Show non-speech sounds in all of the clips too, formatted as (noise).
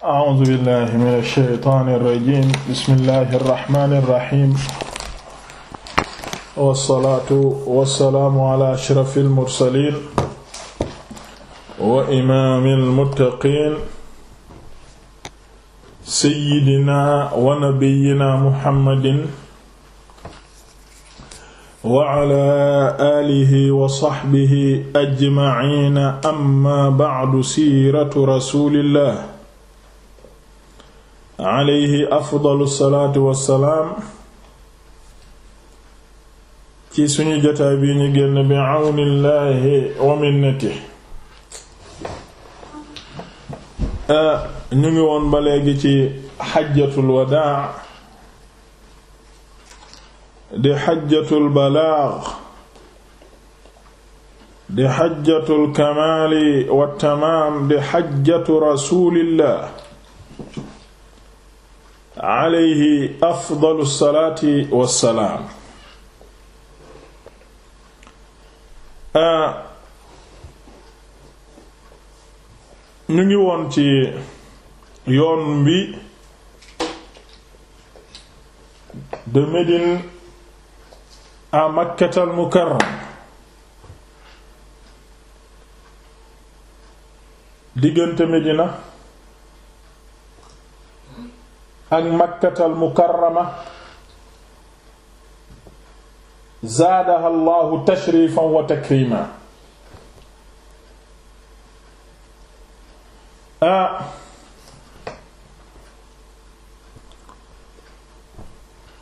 a'uuzu billahi mina shaytaani rajiim bismillahi rahmaani rahiim wassalaatu wassalaamu ala ashrafil mursaliin wa imaamil muttaqiin sayyidinaa wa nabiyyinaa muhammadin wa ala aalihi wa sahbihi ajma'iin amma ba'du siiratu rasuulillah alayhi afdalu salaatu wassalaam ci suñu jotaay bi ñu génn bi àwnillaahi wa minnati ñu ngi woon ba léegi ci xajjatul wadaa di xajjatul balaag di xajjatul kamaali wa tamaam di xajjatu rasuulillah alayhi afdalu salaati wassalaam ah, ñu ngi woon ci yoon bi de Médine à Makkatal Mukarram diggante Médina ak makkatal mukarrama zaadaha allahu tashrifan wa takrima ah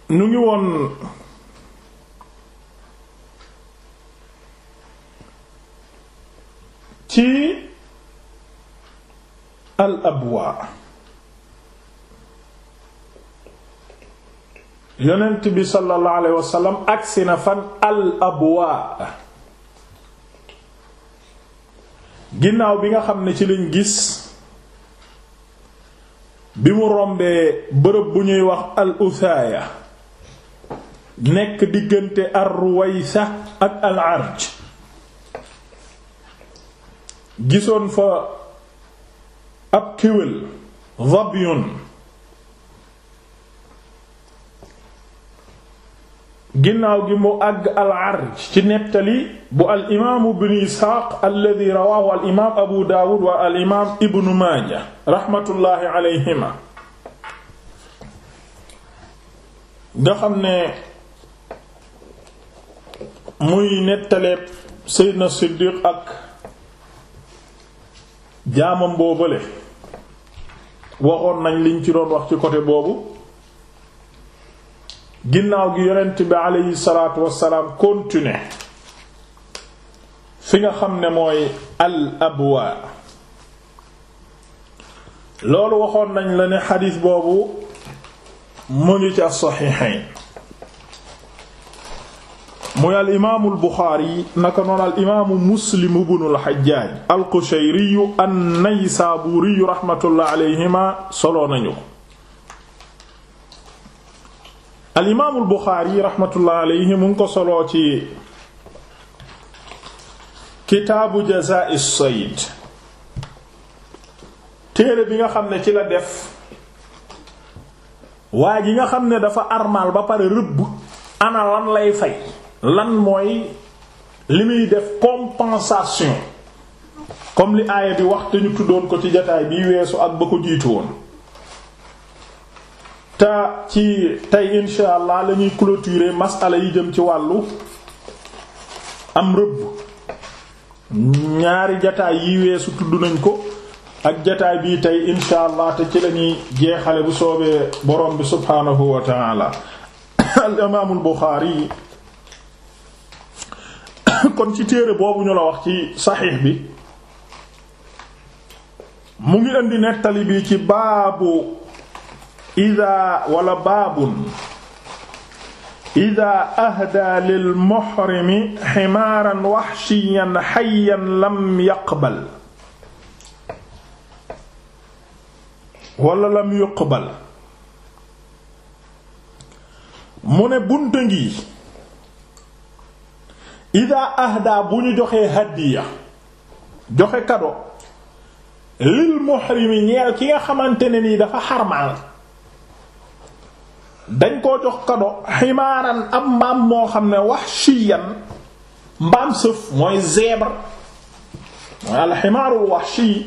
ñu ngi woon ci al abwaa yonent bi sallallahu alayhi wa agsi na fan al abwaa ginnaaw bi nga xam ne ci lañ gis bi mu rombee bërëb bu ñuy wax al uthaaya nekk diggante ar ruwaysa ak al arj gisoon fa ab kéwél dhabyun ginnaaw gi mu àgg al-Arj ci nettali bu al imaamu ibn Isxaaq alladi rawaahu al imaam Abu Daawud wa al imaam Ibn Maaja raxmatullaahi alayhima nga xam ne muy nettaleeb Seydina Siddiq ak jaamam boobale waxoon nañ liñ ci doon wax ci côté boobu ginnaaw gi yonent bi aleyhi salaatu wassalaam continuer fi nga xam ne mooy al abwa loolu waxoon nañ la ne xadiis boobu mu ngi ci as-saxiixayn muy al imaamu al buxaari naka noonu al imaamu muslim ibnu al xajjaaj al qushayri an naysaabuuri raxmatullahi aleyhima solo nañu al imaamul Buxaari rahmatullah alayhi mu ngi ko soloo ci kitaabu jazaa'i sayd téere bi nga xam ne ci la def waa ji nga xam ne dafa armal ba pare rëbb ana lan lay fey lan mooy li muy def compensation comme li aaya bi wax te ñu tuddoon ko ci jataay bi weesu ak ba ko jiitu woon te ci tey insha allah la ñuy clôturer masala yi jëm ci wàllu am rëbb ñaari jataay yi weesu tudd nañ ko ak jataay bii tey insha allah te ci lañuy jeexale bu soobee borom bi subhaanahu wa taala al imaamul Buxaari yi kon ci téere boobu ñu la wax ci saxiix bi mu ngi indi nettali bi ci baabu ida wala baabun ida ahda lil muhrimi ximaaran waxshiyan xayyan lam yaqbal wala lam yuqbal mu ne bunta ngi ida ahda bu ñu joxee hadiya joxe kado lil muhrimi ñeel ki nga xamante ne nii dafa xarmaal dañ koo jox kado ximaaran am mbaam moo xam ne yan mbaam sëf mooy zèbre mooy alximaarul wahshi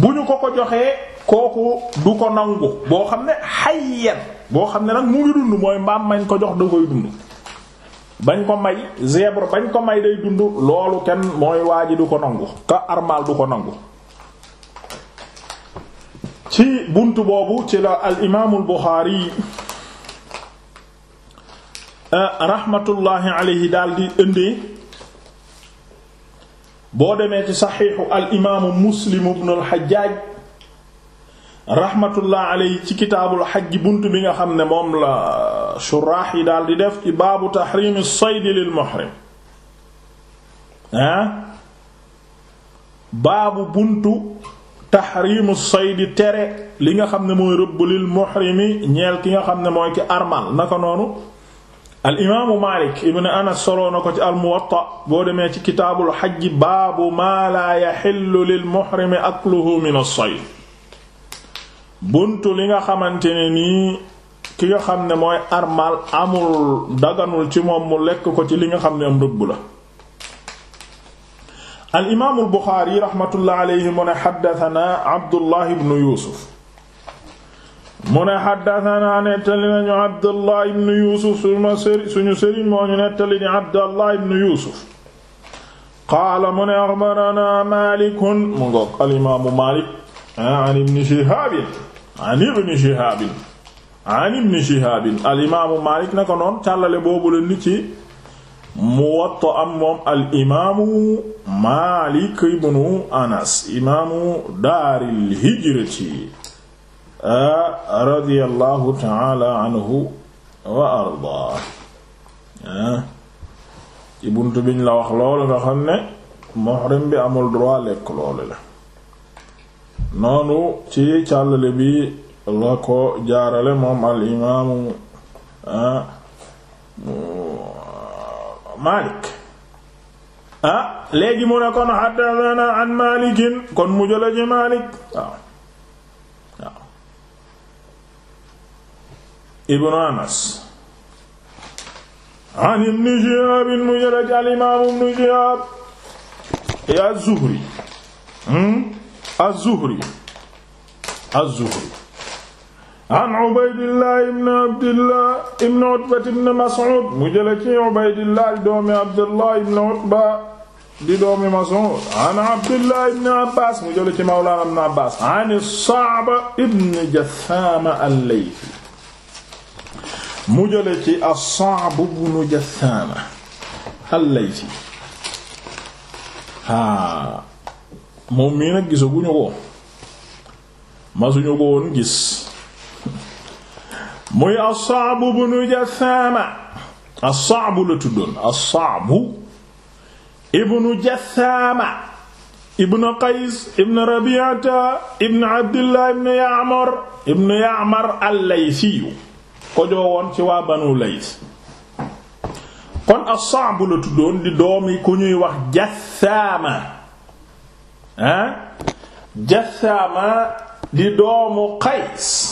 bu ñu ko ko joxee kooku du ko nangu boo xam ne hayyan boo xam ne nag mu ngi dund mooy mbaam mañ ko jox da koy dund bañ ko may zèbre bañ ko may day dund loolu kenn mooy waa ji du ko nangu ka armal du ko nangu ci buntu boobu ci la al imaamul Buxaari eh, rahmatullahi alayhi daal di indi boo demee ci saxiixu al imaamu Muslim ibn al Hajjaaj rahmatullahi alayhi ci kitaabul xajj buntu bi nga xam ne moom la shuraax yi daal di def i baabu taxriimi sayd lil muhrim eh? baabu buntu. tahrimu saydi tere li nga xam ne mooy rëbb lil muhrimi ñeel ki nga xam ne mooy ki armal naka noonu al imaamu Maalik ibn Anas soloo na ko ci al boo demee ci kitaabul xajji baabu maa laa yaxillu lil muhrimi akluhu min as-sayd buntu li nga xamante ne nii ki nga xam ne mooy armal amul daganul ci moom mu lekk ko ci li nga xam ne am rëbb la al imaamul Buxaari rahmatullah aleyhi mu ne xaddatanaa Abdullah ibn Yuusuf mu ne xaddatanaa nettali nañu Abdullah ibn Yuusuf suma sëriñ suñu sëriñ moo ñu nettali ni Abdullah ibn Yuusuf qaala mu ne axbaranaa Maalikun mu ngoog al imaamu Maalik an ibn Shihaab an ibn Shihaab an ibn Shihaab al imaamu Maalik naka noonu càllale boobu la nit ci muwatta am moom al imaamu Maalik ibnu Anas imaamu daaril hijrati radiyallahu ta'ala anhu wa ardaa ci bunt biñ la wax loolu nga xam ne muhrim bi amul droit lekk loolu la noonu ci càllale bi la ko jaarale moom al imaamu ah, Maalik ah léegi mu ne kon haddathana an Maalikin kon mu jëla ci Maalik waaw waaw ibnu Anas an ibn Shihaab mu jëla ci al-imaam ibn Shihaab hmm? az-Zuhri az-Zuhri az-Zuhri an Ubaydillah ibn Abdillah ibn Utba ibn Mas'ud mu jële ci Ubaydillah di doomi Abdillah ibn Utba di doomi Mas'ud an Abdillah ibn Abbas mu jële ci Mawlana ibn Abbas an as-Sa'b ibn Jassama al-Laythi mu jële ci as-Sa'b ibn Jassama al-Laythi moom mii nag gisaguñu ko masuñu ko woon gis muy as-Sa'b ibnu Jassama as-Sa'b la tuddoon as-Sa'b ibnu Jassama ibnu Qays ibnu Rabi'ata ibnu Abdillah ibnu Ya'mar ibnu Ya'mar al-Laysi ko joowoon ci waa Banu Lays kon as-Sa'b la tuddoon di doomi ku ñuy wax Jassama ah Jassama di doomu Qays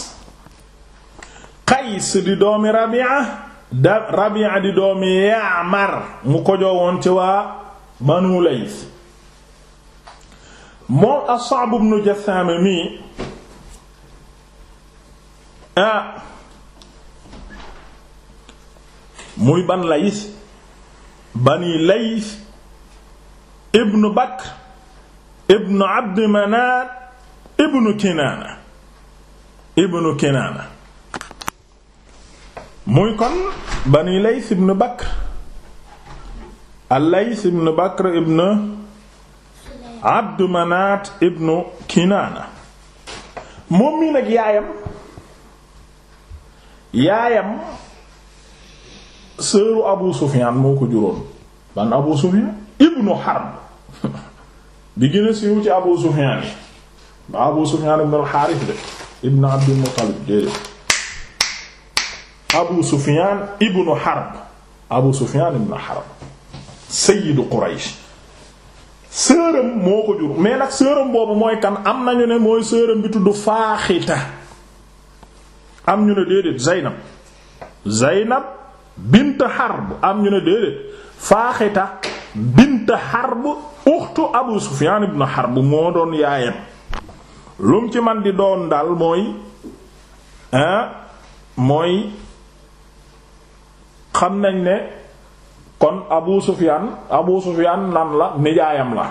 qays di doomi rabia di doomi yaamar mu kojoo woon ci waa banu lays moom as-Sa'b ibn Jassaama muy ban lays bani lays ibn Bakr ibn Abd Manaat ibn Kinaana ibn Kinaana muy kon bani Lays ibn Bakr al-Lays ibn Bakr ibn Abdu Manaat ibn Kinaana moom mii nag yaayam yaayam sëru Abu Sufyaan moo ko juróon ban Abu Sufyaan ibnu Harb (laughs) bi gën a siiw ci Abu Sufyaan yi ba Abu Sufyaan ibn al de ibn Abdul Muttalib déedéet abu sufiyaan ibnu harb abu sufiyaan ibnu harb sayyidu quraysh sërëm moo ko jur mais nag sërëm boobu mooy kan am nañu ne mooy sërëm bi tudd faaxita am ñu ne déedéet zaynab zaynab bint harb am ñu ne déedéet faaxita bint harb uxtu abu sufiyaan ibnu harb moo doon yaayam lum ci man di doon daal mooy mooy xam nañ ne kon Abu sufian Abu Sufyan nan la nijaayam la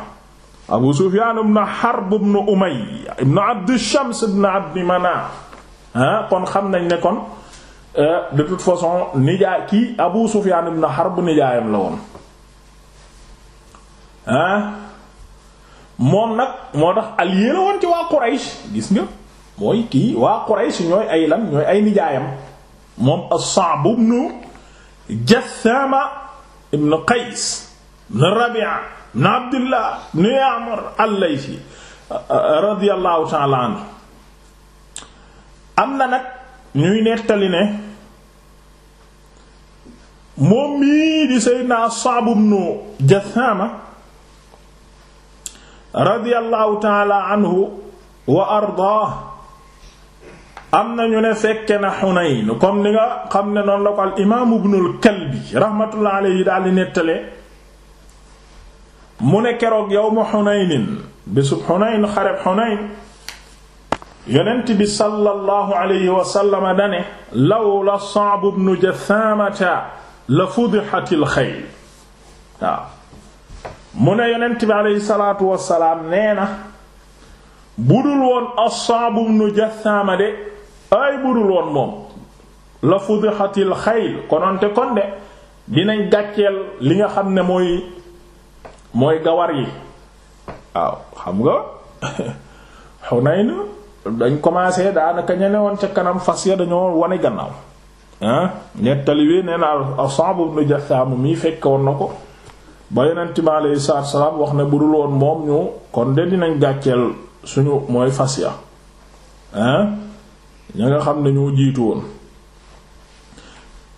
Abu Sufyan na Harb ibn Umayya ibn Abd Shams ibn Abd Manaf kon xam nañ ne kon euh, de toute façon nijaay kii Abu Sufyan ibn Harb nijaayam la woon moom nag moo tax allié la woon ci waa Quraysh gis nga mooy kii waa Quraysh ñooy ay lan ñooy ay nijaayam moom as-Sa'b ibn Jassama ibn Qays ibn Rabi'a ibn Abdullah ibn Ya'mar al-Laythi radiyallahu ta'ala anhu am na nag ñuy nettali ne moom mii di Seydina Sa'b ibn Jassama radiyallahu ta'ala anhu wa ardaah am na ñu ne fekke na Xunayn comme ni nga xam ne noonu la ko al imaam Ibnul Kalbi rahmatullah alayhi daal di nettale mu ne keroog yawmu Xunaynin bésub Xunayn xareb Xunayn yonent bi sallallahu alayhi wa sallam dane lawla Sa'b ibn Jasaamata la fudihatil xayl waaw mu ne yonent bi alayhi salaatu wa salaam nee na budul woon as-Sa'b ibn Jasaama de ay budul woon moom la fudixatil xayl kononte kon de dinañ gàcceel li nga xam ne mooy mooy gawar yi waaw xam nga (laughs) Hunayn dañ commencé daanaka ñene woon ca kanam fas ya dañoo wane gannaaw ah nettali wi nee naa Asab ibn Jassam mii fekke woon na ko ba yonent bi aleyhi salaatu salaam wax ne bu dul woon moom ñu kon de dinañ gàcceel suñu mooy fas ya ña nga xam ne ñoo jiitu woon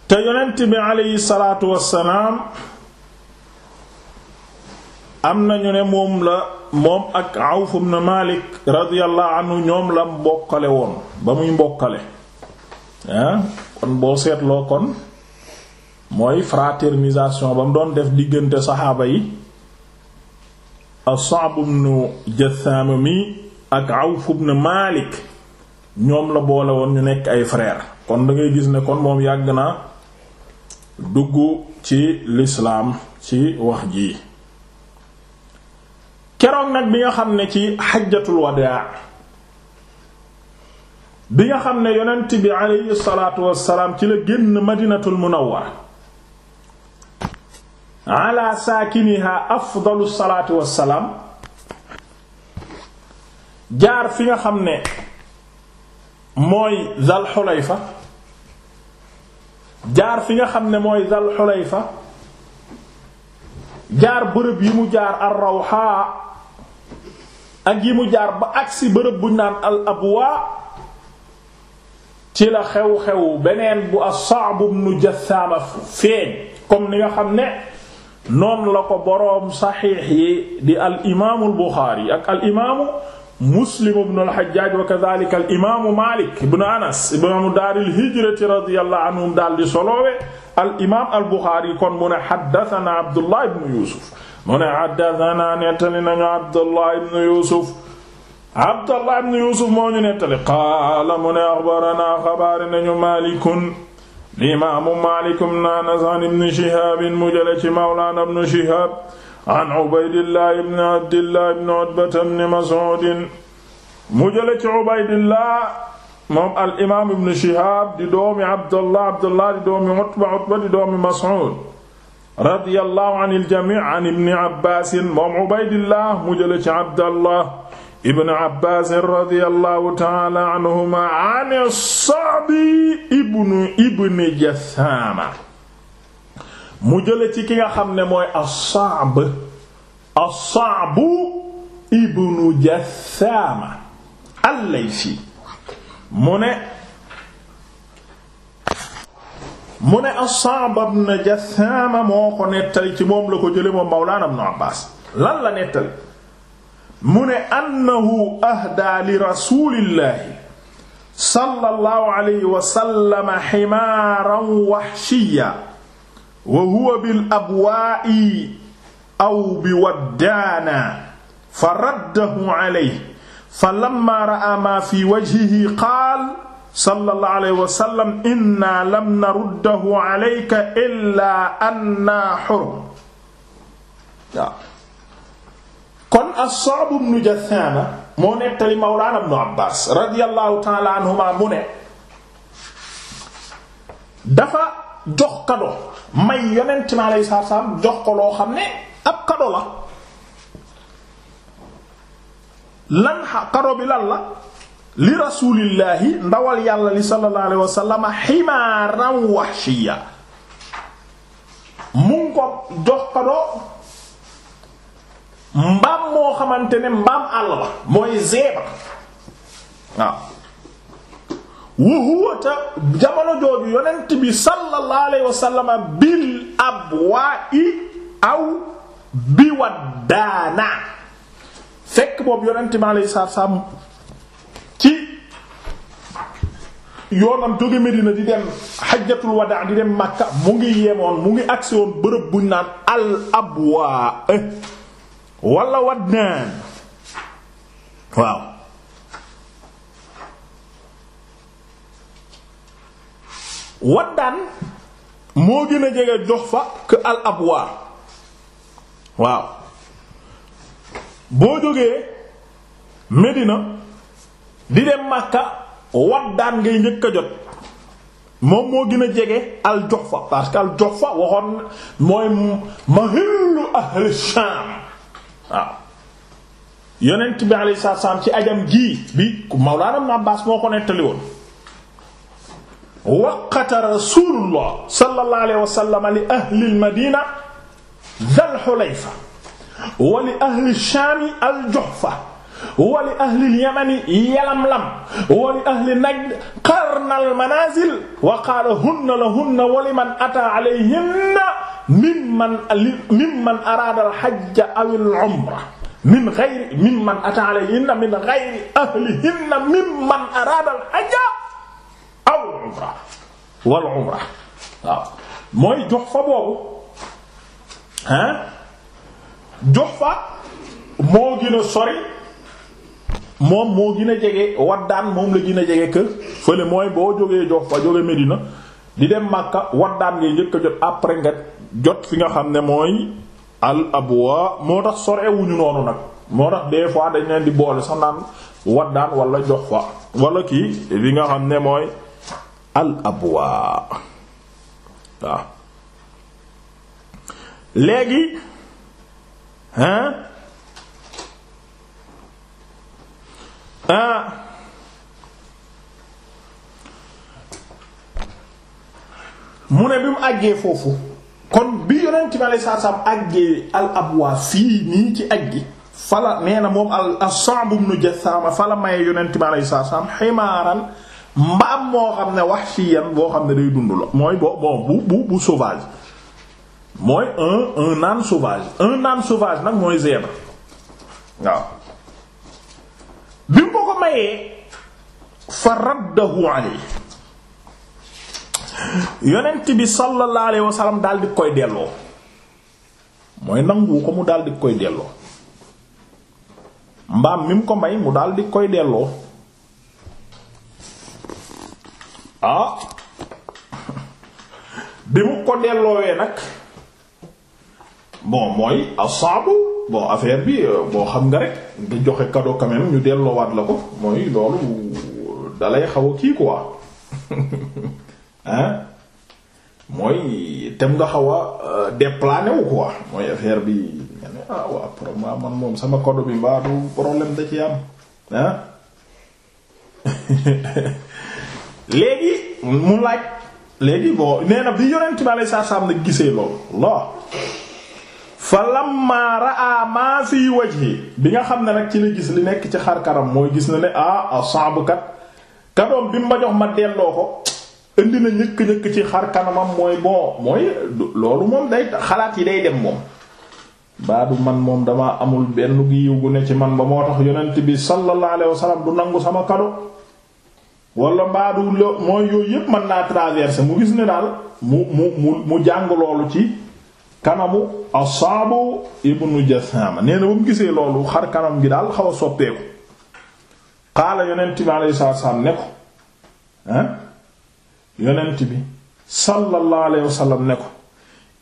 te yonent bi aleyhi salaatu wassalaam am nañu ne moom la moom ak Awf Malik radiyallahu anhu ñoom la mbokkale woon ba muy mbokkale ah, kon boo seetloo kon mooy fraternisation ba mu doon def diggante saxaaba yi as-Sa'b mi ak Awf Malik ñoom la boole woon ñu nekk ay frère kon dangay gis ne kon moom yàgg na dugg ci lislaam ci wax ji keroog nag bi nga xam ne ci xajjatul wadaa bi nga xam ne yonent bi aleyhi salaatu wassalaam ci la génn madinatul munawwara ala saakiniha afdalu salaatu wassalaam jaar fi nga xam ne mooy zal xulayfa jaar fi nga xam ne mooy zal xulayfa jaar bërëb yi mu jaar al ak yi mu jaar ba agsi bërëb buñ naan al abwaa ci la xew-xew beneen bu as-Sa'b ibn Jassaama feeñ comme ni nga xam ne noonu la ko boroom saxiix yi di al imaamul Buxaari ak al imaamu Muslim ibn al-Hajjaj wa kadhalika al-imaamu Malik ibn Anas imaamu daaril hijrati radiyallahu anhum daal di soloowe al-imaam al-Bukhari kon mu ne haddathana Abdullah ibn Yusuf mu ne haddathana nettali nañu Abdullah ibn Yusuf Abdullah ibn Yusuf moo ñu nettali qaala mu ne akhbarana xabaari nañu Malikun imaamu Malik ibn Anas an ibn Shihab mu jële ci mawlana ibn Shihab an Ubaydillah ibn Abdillah ibn Utbata ibn Mas'ud mu jële ci Ubaydillah moom al imaam ibn Shihab di doomi Abdullah Abdullah di doomi Utba Utba di doomi Mas'ud radiyallahu anil jamii an ibn Abbas moom Ubaydillah mu jële ci Abdullah ibn Abbas radiyallahu ta'ala anhuma an as-Sa'bi ibn ibn Jassama mu jële ci ki nga xam ne mooy as-Sa'b as-Sa'b ibnu Jassaama al-Laysi mu ne mu ne as-Sa'b ibnu Jassaama moo ko nettali ci moom la ko jële moom Mawlaana Ibnu Abbaas lan la nettali mu ne annahu ahdaa li rasuulillaahi sallallaahu alayhi wa sallam himaaran wahshiyyan wa huwa bil abwaa'i aw bi waddaana fa raddahu alayhi fa lamma ra'a maa fi wajhihi qaal sallallahu alayhi wa sallam inna lam naruddahu alayka illaa anna hurum waaw kon as-Sa'b ibn Jathama moo nettali mawlaana ibn Abbaas radiyallahu ta'ala anhuma mu ne dafa jox kado may yonent mi alayhi salaatu salaam jox ko loo xam ne ab kado la lan kado bi lan la li rasuulillaahi ndawal yàlla li sallallahu alayhi wa sallam ximaaran mu ko jox kado xamante ne mbaam àll la mooy zèbre waaw wa huwa ta jamono jooju yonent bi sallallahu alayhi wa bil abwa'i aw bi waddaana fekk boobu yonent bi alayhi salaam ci yoonam jóge Medina di dem xajjatul wadaa di dem Makka mu ngi yemoon mu ngi agsi woon bërëb buñ naan al abwa eh, wala waddaan waaw waddaan moo gën a jege jox fa que al abwaar waaw boo jógee Medina di dem Makka waddaan ngay njëkk a jot moom moo gën a jege al jox fa parce que al jox fa waxoon mooy mahillu ahli Sham waaw yonent bi alayhi salaam ci ajam gii bi Mawlaana Abbaas moo ko nettali woon waqata rasulullah sallallahu alayhi wa sallam li ahli al-madina dhal hulayfa wa li ahli ash-sham al-juhfa wa li ahli al-yaman yalamlam wa li ahli najd qarna al-manazil wa qala hunna lahunna wa liman ata alayhinna mimman mimman arada al-hajj aw al-umra min ghayri mimman ata alayhinna min ghayri ahlihinna mimman arada al-hajj umra wal umra waaw mooy jox fa boobu hein jox fa moo gën a sori moom moo gën jege waddaan moom la gën a jege kër fële mooy boo jógee jox fa jóge Medina di dem Makka waddaan ngay njëkk a jot après nga jot fi nga xam ne mooy al abwa moo tax sorewuñu noonu nag moo tax des fois dañ leen di boole sax naan waddaan wala jox fa wala kii bi nga xam ne mooy al abwaa waaw léegi hein ah mu ne bi mu àggee foofu kon bi yonent bi alayhi salaam àggee al abwaa fii nii ci àggi fala nee na moom al Sa'b ibn Jassaama fala maye yonent bi alayhi salaam ximaaran mbaam moo xam ne wahshiyan boo xam ne day dund la mooy bo bon bu bu bu mooy un un âne sauvage un âne sauvage nag mooy zèbre waaw bi mu ko mayee fa raddahu alay yonent bi sallallahu alayhi wa sallam daal di koy delloo mooy nangu ko mu daal di koy delloo mbaam mi mu ko may mu daal di koy delloo ah bi mu ko delloowee nag bon mooy asaabu bon affaire bi euh, boo xam nga rek nga joxe cadeau quand même ñu delloowaat la ko mooy loolu dalay xaw a kii quoi (laughs) hein mooy tem nga xaw a euh, déplané wu quoi mooy affaire bi nga ne ah waa problème man moom sama cadeau bi mbaa du problème da ci am hein (laughs) léegi mu laaj léegi boo nee na bi yonent bi a salaam nag gisee loolu lool fa lamma raa maa fi wajhi bi nga xam ne nag ci la gis li nekk ci xar kanam mooy gis na ne ah asaabu kat bi mu ma jox ma delloo ko ci xar kanamam mooy bon mooy loolu moom day xalaat yi day dem moom baadu man moom damaa amul benn gi yiw gu ne ci man ba moo tax yonent bi sallallahu alayhi wasallam du nangu sama kado wala mbaadu la mooy yooyu yépp mën naa traverser mu gis ne daal mu mu mu jàng loolu ci kanamu asaabu ibnu jasama nee na ba mu gisee loolu xar kanam gi daal xaw a soppeeku xaala yonent bi alayhi salaatu salaam ne ko ah yonent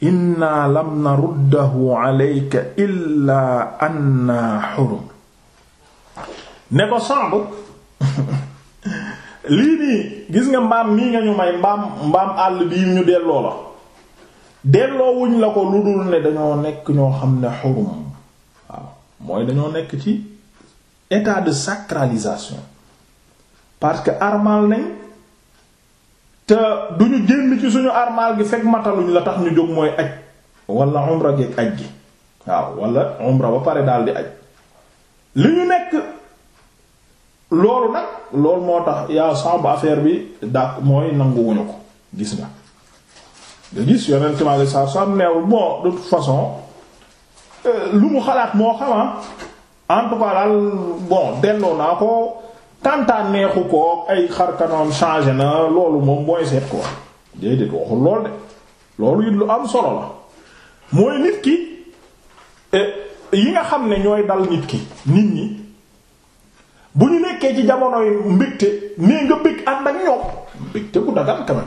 inna lam naruddahu alayka illaa anna xurum ne ko saabu (laughs) lii nii gis nga mbaam mii nga ñu may mbaam mbaam àll bii ñu delloo la delloo wuñ la ko lu dul ne dañoo nekk ñoo xam ne xurum waaw mooy dañoo nekk ci état de sacralisation parce que armal nañ te du ñu génn ci suñu armal gi fekk mataluñ la tax ñu jóg mooy aj wala umra geeg aj gi waaw wala umra ba pare daal di aj li ñu nekk loolu nag loolu moo tax yaa sàmb affaire bi dàq mooy nanguwuñu ko gis nga nga gis yoneen climat sa sa neewul bon de toute façon euh, lu mu xalaat moo xama ah, en tout cas daal bon delloo naa ko tantaan neexu ko ay xar kanam changé na loolu moom mooy seet ko déedéet waxul lool de loolu it lu am solo la mooy nit ki eh, yi nga xam ne ñooy dal nit ki nit ñi bu ñu nekkee ci jamonoy mbégte nee nga bég ànd ak ñoom mbégte gu dagan quand même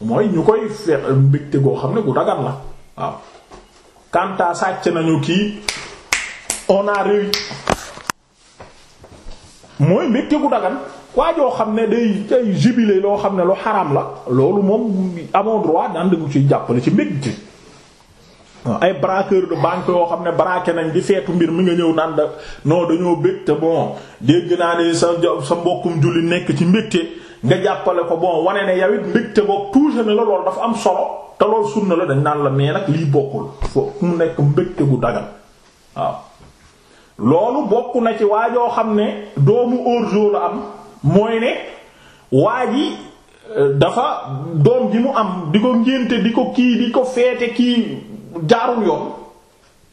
mooy ñu koy fex mbégte goo xam ne ku dagan la waaw kanta sàcc nañu kii on a réu mooy mbégte gu dagan waa joo xam ne day ay jubilé loo xam ne lu xaraam la loolu moom amoon droit daan dëggu ciy jàppale ci mbégte ay braqueur de banque yoo xam ne braqué nañ di feetu mbir mi nga ñëw naan da non dañoo bëgg te bon dégg naa ne sa sa mbokkum julli nekk ci mbégte nga jàppale ko bon wane ne yow it mbégte boog toujours ne la loolu dafa am solo te loolu sunna la dañ naan la mais nag lii bokkul fo mu nekk mbégte bu dagal waaw loolu bokk na ci waajoo xam ne doomu orjo la am mooy ne waa ji euh, dafa doom ji mu am di ko ngénte di ko kii di ko feete kii jaarul yoon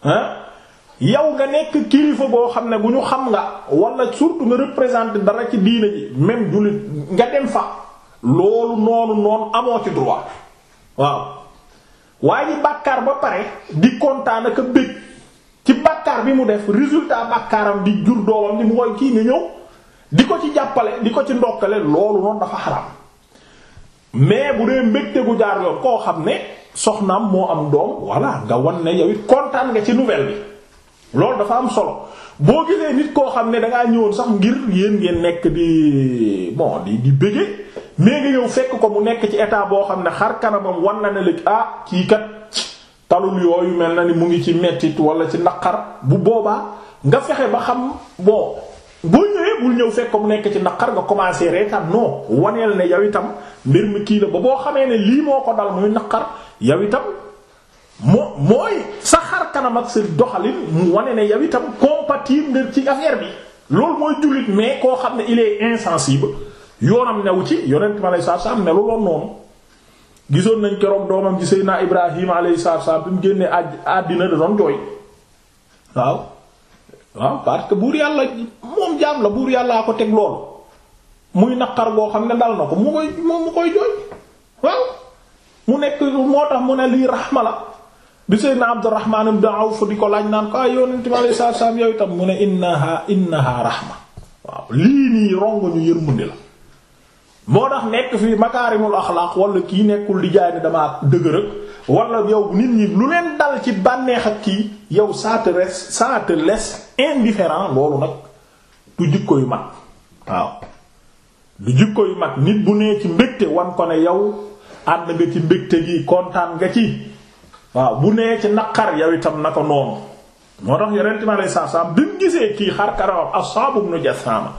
ah yow nga nekk kilifa boo xam ne bu ñu xam nga wala surtout nga représenter dara ci diina ji même jullit nga dem fa loolu noonu noonu amoo ci droit waaw waaye bàkkaar ba pare di kontaan ak a bëgg ci bàkkaar bi mu def résultat bàkkaaram di jur doomam di mu koy kii nga ñëw di ko ci jàppale di ko ci ndokkale loolu noonu dafa xaram mais bu dee mbégte gu jaar yoon koo xam ne soxnaam moo am doom voilà nga wan ne yow it kontaan nga ci nouvelle bi loolu dafa am solo boo gisee nit koo xam ne dangaa ñëwoon sax ngir yéen ngeen nekk di bon di di bëgge mais nga ñëw fekk ko mu nekk ci état boo xam ne xar kanamam wan na ne léegi ah kii kat talul yooyu mel na ni mu ngi ci mettit wala ci naqar bu boobaa nga fexe ba xam bon boo ñëwee bul ñëw fekk ko mu nekk ci naqar nga commencé reetaan non waneel ne yow itam mbir mi kii la ba boo xamee ne dal muy yow itam moo mooy sa xar kanam ak doxalin mu wane ne yow itam compatible nga ci affaire bi loolu mooy jullit mais koo xam ne il est insensible yoonam new ci yonent mi alayhi salaatu salaam ne lu noonu gisoon nañ keroog doomam ci Seydina Ibrahima alayhi salaatu salaam bi génnee àddina da doon jooy waaw waaw parce que buur yàlla moom jaam la buur yàllaa ko teg loolu muy naqar boo xam ne dal na ko mu koy mu koy jooy mu nekk moo tax mu ne lii raxma la bi Seydina Abdurrahman ibn Awf di ko laaj naan ko ay yonent bi alayhi salaatu salaam yow itam mu ne innaha innaha raxma waaw lii nii rongo ñu yërmande la moo tax nekk fii makaarimul axlaaq wala kii nekkul di jaay ne damaa dëgërëg wala yow nit ñi lu leen dal ci bànneex ak kii yow ça te laisse ça indifférent loolu nag du jikko yu mag waaw du jikko yu mag nit bu nee ci mbégte wan ko ne yow ànd nga ci mbégte yi kontaan nga ci waaw bu nee ci naqar yow itam na ko noonu moo tax yonent mi aleyhi salaatu bi mu gisee kii xar kanamam Assaab ibn Jassaama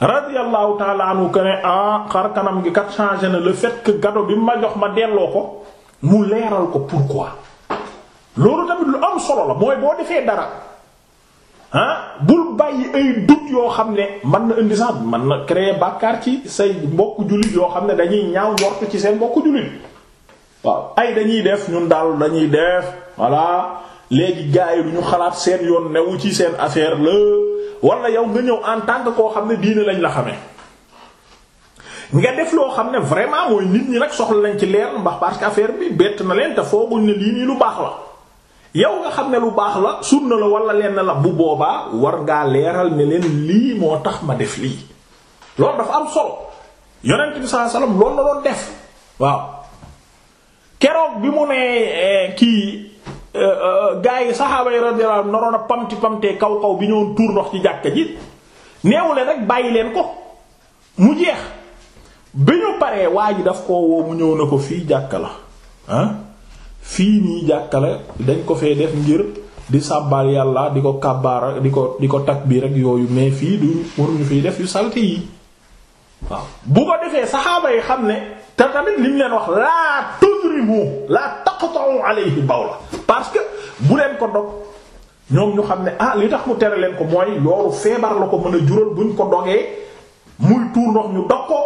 radiyallahu ta'ala anhu ne ah xar kanam gi kat changé na le fait que gado bi ma jox ma delloo ko mu leeral ko pourquoi loolu tamit lu am solo la mooy boo defee dara. ah bul bàyyi ay doute yoo xam ne man na indi sax man na créer bàkkaar ci say mbokk jullit yoo xam ne dañuy ñaaw njort ci seen mbokk jullit waaw ay dañuy def ñun daal dañuy def voilà léegi gaa yi du ñu xalaat seen yoon newu ci seen affaire la wala yow nga ñëw en tant que koo xam ne diine lañ la xamee nga def loo xam ne vraiment mooy nit ñi nag soxla lañ ci leer mbax parce que affaire bi bett na leen te fooguñ ne lii nii lu baax la. yow nga xam ne lu baax la sunna la wala lenn la bu boobaa war ngaa leeral ne leen lii moo tax ma def lii loolu dafa am solo yonent bi sallallahu alayhi loolu la doon def waaw keroog bi mu nee eh, kii eh, eh, gaa yi saxaaba yi radiyallahu anhum naroon a pamti pamtee kaw kaw bi ñëwoon tuur ndox ci jàkka ji neewu leen rek bàyyi leen ko mu jeex bi ñu paree waa ji daf koo woo mu ñëw na ko fii jàkka la ah. fii nii jàkkale dañ ko fee def ngir di sàbbaal yàlla di ko kàbbaar di ko di ko bii ak yooyu mais fii du waruñu fiy def yu salte yi waaw bu ko defee saxaaba yi xam ne te tamit li mu leen wax laa tudrimu laa taqta'u alayhi bawla parce que bu leen ko dog ñoom ñu xam ne ah li tax mu tere leen ko mooy loolu feebar la ko mën a jural buñ ko dogee muy tuur ndox ñu dog ko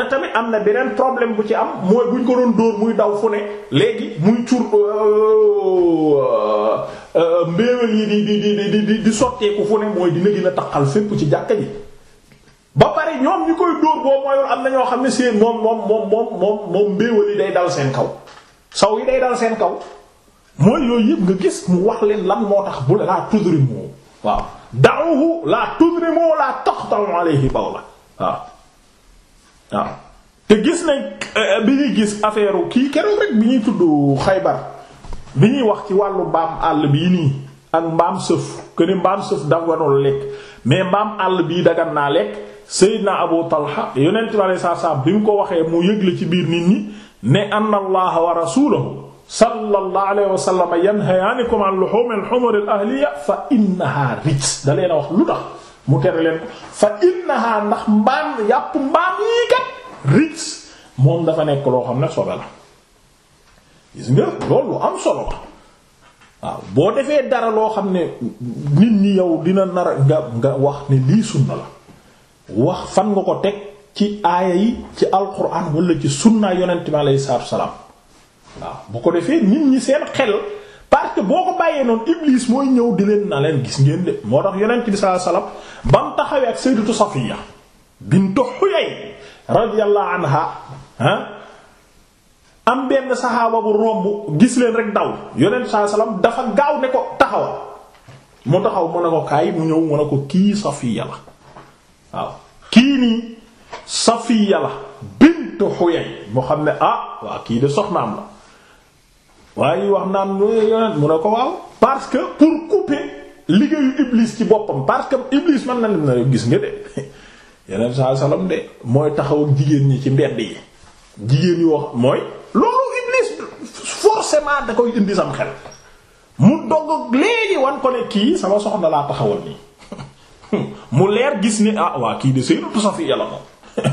te tamit am na beneen problème bu ci am mooy buñ ko doon dóor muy daw fu ne léegi muy cur euh, euh, euh, mbéewal yi di di di di sotteeku fu ne mooy dina gën a taqal fépp ci jàkka ji ba pare ñoom ñi koy dóor boo mooyoon am na ñoo xam ne seen moom moom moom moom moom mbéewal yi day dal seen kaw saw yi day dal seen kaw mooy yooyu yëpp nga gis mu wax leen lan moo tax bu laa tudrimu waaw da'uhu laa tudrimu laa taqta'u alayhi bawla waaw waaw te gis nañ euh, bi ñuy gis affaire kii keroog rek bi ñuy tudd Xaybar bi ñuy wax ci wàllu mbaam àll bii nii ak mbaam sëf que mbaam sëf daganul lekk mais mbaam àll bii dagan naa lekk Seydina Abu Talha yonent bi alayhi salaam bi mu ko waxee mu yëgle ci biir nit ñi ne anna Allaha wa rasuulahu sallallahu alayhi wa sallam yanhayaanikum an luhumil humuril ahliya fa innaha rijs da leen a wax lu tax mu tere leen fa innaha ndax mbaam yàpp mbaam yii kat rijs moom dafa nekk loo xam ne sobe la gis nga loolu am solo la waaw boo defee dara loo xam ne nit ñi yow dina nar nga nga wax ne lii sunna la wax fan nga ko teg ci aaya yi ci alquran wala ci sunna yonent bi alayhi salaatu wasalaam waaw bu ko defee nit ñi seen xel parce que boo ko bàyyee noonu iblis mooy ñëw di leen na leen gis ngeen de moo tax yonent bi sallallahu alayhi bam taxawee ak sayyidatu Safiya bintu Huyay radiyallahu anha ah am benn saxaaba bu romb gis leen rek daw yonent saa salaam dafa gaaw ne ko taxawal mu taxaw mu ne ko kaay mu ñëw mu ne ko kii Safiya la waaw kii nii Safiya xam ne ah, kii de soxnaam wax naan mu ne ko waaw parce que pour couper. liggéeyu iblis ci boppam parce que iblis man na ne gis nga de yeneen saa salaam de mooy taxaw jigéen ñi ci mbedd yi jigéen yoo xam mooy loolu iblis forcément da koy indi sam xel mu dogg léegi wan ko ne kii sama soxna laa taxawal nii (laughs) mu leer gis ni ah waa kii de Sayyidatu Safiya la moom (laughs)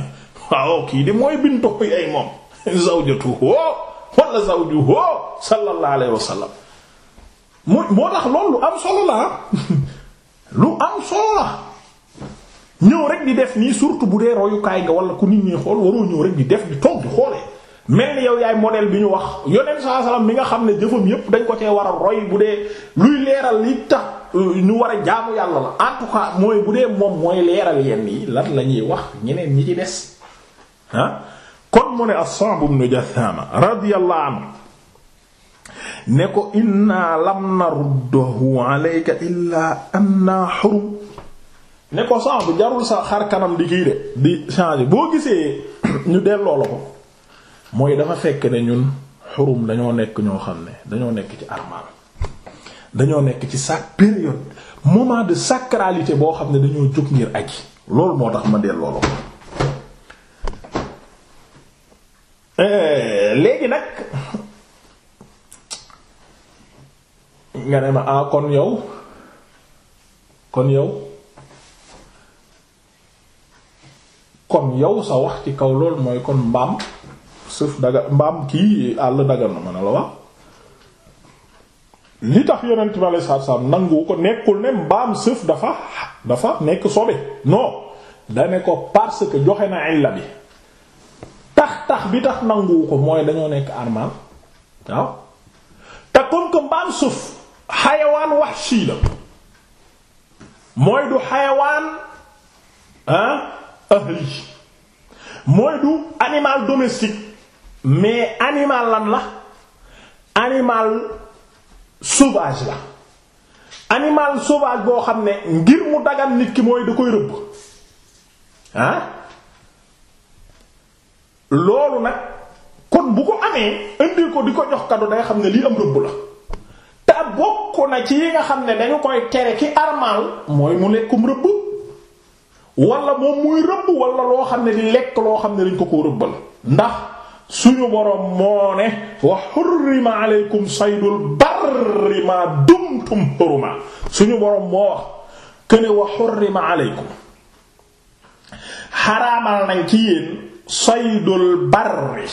waaw kii de mooy bintu ay moom (laughs) zawjatu walla zawju sallallahu alayhi wasallam mu moo tax loolu lu am solo la (laughs) lu am solo la ñëw rek di def nii surtout bu dee royukaay nga wala ku nit ñi xool waroo ñëw rek di def di toog di xoolee mel ni yow yaay modèle bi ñu wax yonent saa salaam nga xam ne jëfam yépp dañ ko cee war a roy bu dee luy leeral li tax euh, ñu war a jaamu yàlla la en tout cas mooy bu dee moom mooy leeral yenn yi lan la ñuy wax ñeneen ñi ci des ah kon mu ne as-Sa'b ibn Jathama radiyallahu anhu ne ko inna lam naruddahu alayka illaa anna xurum ne ko bu jarul sa xar kanam di kii de di changer boo gisee (clears throat) ñu delloo la ko mooy dafa fekk ne ñun xurum dañoo nekk ñoo xam ne dañoo nekk ci armal dañoo nekk ci sa période moment de sacralité boo xam ne dañoo jóg ngir aji loolu moo tax ma delloo la ko eh, léegi nag nga ne ma ah kon yow kon yow kon yow sa wax ci kaw loolu mooy kon mbaam sëf daga mbaam kii àll daga na mën a la wax li tax yonent bi alayhi salaam nangu ko nekkul ne mbaam sëf dafa dafa nekk sobe no dane ko parce que joxe na ay bi tax tax bi tax nangu ko mooy dañoo nekk armal waaw te comme que mbaam sëf xayawaan wahshi la mooy du xayawaan ah ahli mooy du animal domestique mais animal lan la animal sauvage la animal sauvage boo xam ne ngir mu dagan nit ki mooy da koy rëbb loolu nag kon bu ko amee indil ko di ko jox kado day xam ne lii am rëbb la bokk na ci yi nga xam ne dañu koy tere ki armal mooy mu lekkum rëbb wala moom muy rëbb wala loo xam ne di lekk loo xam ne dañ ko ko rëbbal ndax suñu boroom moo ne wa xurrima aleykum ma dumtum xuruma suñu boroom moo wax këne wa xurrima nañ ci yéen saydul barri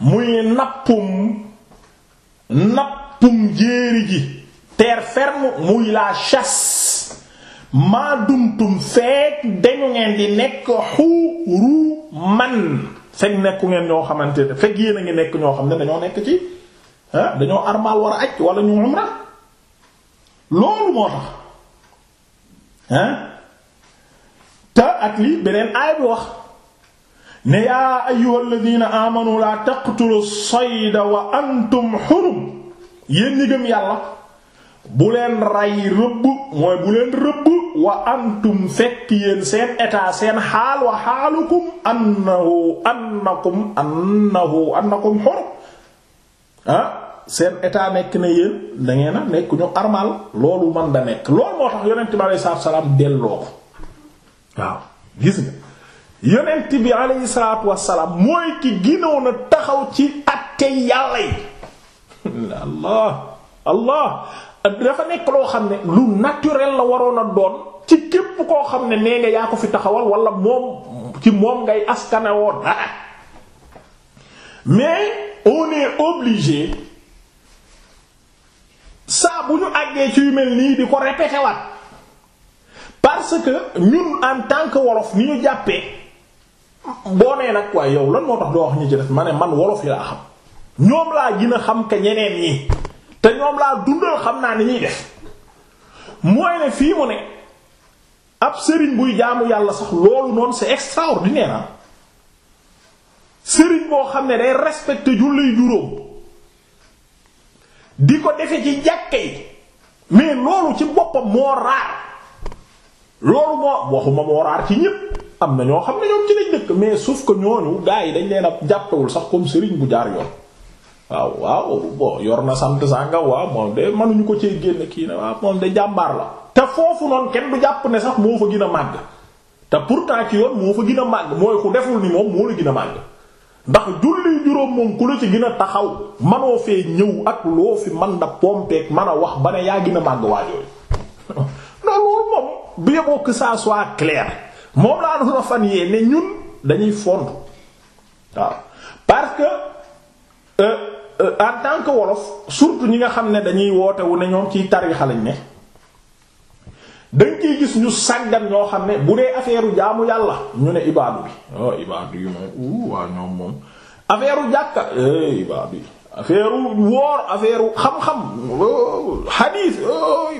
muy nappum napp pum jéeri ji terre ferme muy la chasse maa dumtum feek dañu ngeen di nekk xuuru man fekk nekku ngeen ñoo xamante ne fekk yéen a ngi nekk ñoo xam ne dañoo nekk ci ah dañoo armal war a aj wala ñu umra loolu moo tax ah te ak lii beneen aay bi wax ne yaa ayyuhalladhina la taqtulu sayda wa antum hurum yéen ñi yàlla bu leen ray rëbb mooy bu leen rëbb wa antum fekk yéen seen état seen xaal wa xaalukum annahu annakum annahu annakum xor ah, seen état nekk na yéen da ngeen nekk ñu armal loolu man da nekk loolu moo tax yonent bi alayhi salaam delloo ko waaw gis nga yonent bi alayhi salaatu wassalaam mooy ki ginoon a taxaw ci àtte yàlla yi (laughs) allah allah dafa nekk loo xam ne lu naturel la waroon a doon ci képp koo xam ne nee nga yaa ko fi taxawal walla moom ci moom ngay askane dara mais on est obligé saa bu ñu àggee ci yu mel nii di ko répété waat parce que ñun en tant que wolof ni ñu jàppee boo nee nag waaye yow lan moo tax doo wax ñu ci def ma ne man wolof yi laa xam. ñoom laa gën xam ka ñeneen ñi te ñoom laa dundal xam naa ni ñuy def mooy ne fii mu ne ab sëriñ buy jaamu yàlla sax loolu noonu c'est extraordinaire sëriñ boo xam ne day respecter julli juróom di ko defe ci jàkke yi mais loolu ci boppam moo raar loolu moo waxuma moo raar ci ñépp am na ñoo xam ne ñoom ci lañ dëkk mais suuf ko ñooñu gaa yi dañ leen a jàppewul sax comme sëriñ bu jaar yoon waaw waaw bon yor na sant sanga waaw moom de mënuñu ko cee génn kii na waaw moom de jàmbaar la te foofu noonu kenn du jàpp ne sax moo fa gën a màgg te pour ci yoon moo fa gën a màgg mooy ku deful ni moom moo la gën a màgg ndax julli a taxaw manoo fee ñëw ak loo fi man da pompeeg man wax ba ne yaa màgg waajooyu (laughs) non loolu moom bi yeboo que ça soit clair moom laa doon fan yee ne ñun dañuy fond waaw parce que euh, Euh, en tant que wolof surtout ñi nga xam ne dañuy wootewu ne ñoom tar tariixa lañ ne dañ ciy gis ñu sàggan ñoo xam ne bu dee affaire jaamu yàlla ñu ne ibaadu bi oh, ibaadu yi moom waaw ñoom moom affaire jàkka eh ibaadu affaire woor affaire xam-xam oh, hadith oh,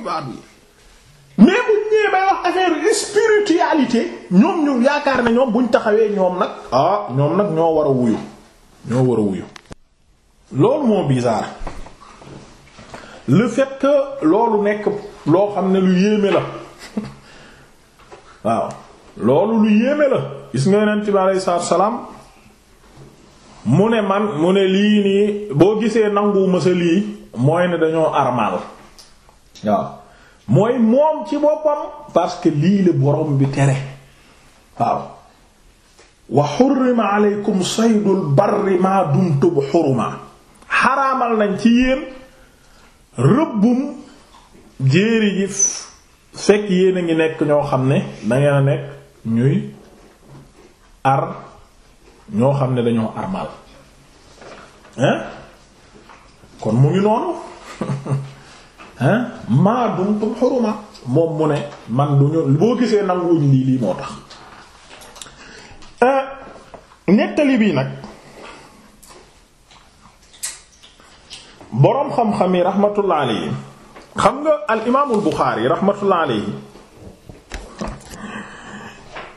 wax affaire spiritualité ñoom ñu yaakaar ne ñoom buñ taxawee ñoom nag ah ñoom nag ñoo war a wuyu ñoo war a wuyu. loolu moo bizarre le fait loolu nekk loo xam ne lu yéeme la waaw loolu lu yéeme la gis nga yonent bi aleyhi salaatu salaam mu ne man mu ne lii nii boo gisee nanguwuma sa lii mooy ne dañoo armal waaw mooy moom ci boppam parce que lii la borom bi tere waaw wa xurrima saydul barri maa dumtum xurumaa xaraamal nañ ci yéen rëbbum jéeri ji fekk yéen a ngi nekk ñoo xam ne dangeen a nekk ñuy ar ñoo xam ne dañoo armal hein kon mu ngi noonu (laughs) hein maa dumtum xuruma moom mu ne man du ñu boo gisee nanguwuñ lii lii moo tax euh, nettali bii nag boroom xam-xam yi rahmatullah alayhi xam nga al imaamul Buxaari rahmatullah alayhi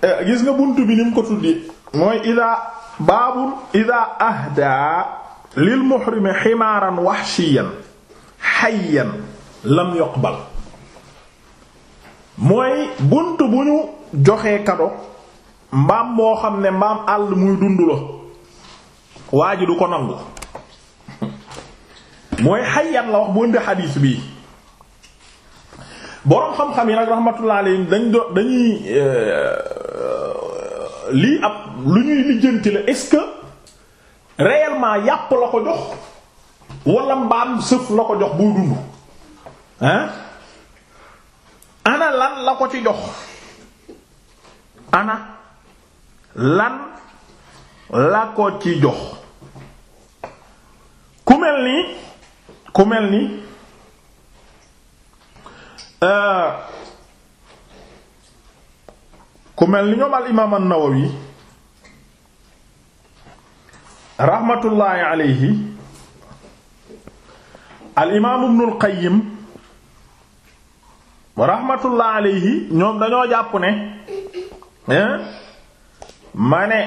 eh, gis nga bunt bi ni ko tuddi mooy idaa baabul idaa ahdaa lil muhrimi ximaaran waxshiyan xayyan lam yuqbal mooy bunt bu ñu joxee kado mbaam moo xam ne mbaam àll muy dund la waa ji du ko nangu mooy xayyan la wax bu ëndi xadiis bii boroom xam-xam yi nag rahmatullah alayhi dañ do dañuy euh, lii ab lu ñuy lijjanti la est-ce que réellement yàpp la ko jox wala mbaam sëf la ko jox buy dund hein ana lan la ko ci jox ana lan la ko ci jox ku mel ni euh, ku mel ni ñoom al imaam an-Nawawi raxmatullaahi alayhi al imaam ibnul Qayyim raxmatullaahi alayhi ñoom dañoo jàpp ne hein ma ne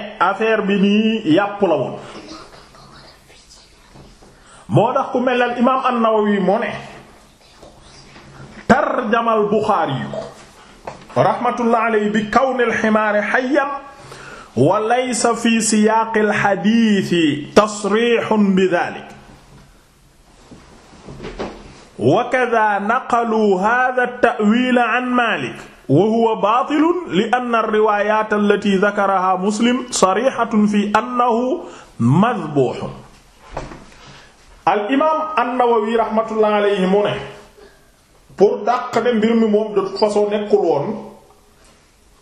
bi nii yàpp la woon moo tax ku mel al imaam an-Nawawi mu ne tarjamal Buxaari rahmatullah alayhi bi kawni al-himaari hayyan wa laysa fi siyaaqi al-hadiisi tasriihun bi dhaalika wa kadhaa naqaluu haadha at-ta'wiila an Maalik wa huwa baatilun li anna ar-riwaayaat allatii dhakarahaa Muslim sariihatun fii annahu madbuuhun al imaam an-Nawawi rahmatullah alayhi mu ne pour dàq ne mbir mi moom de façon nekkul woon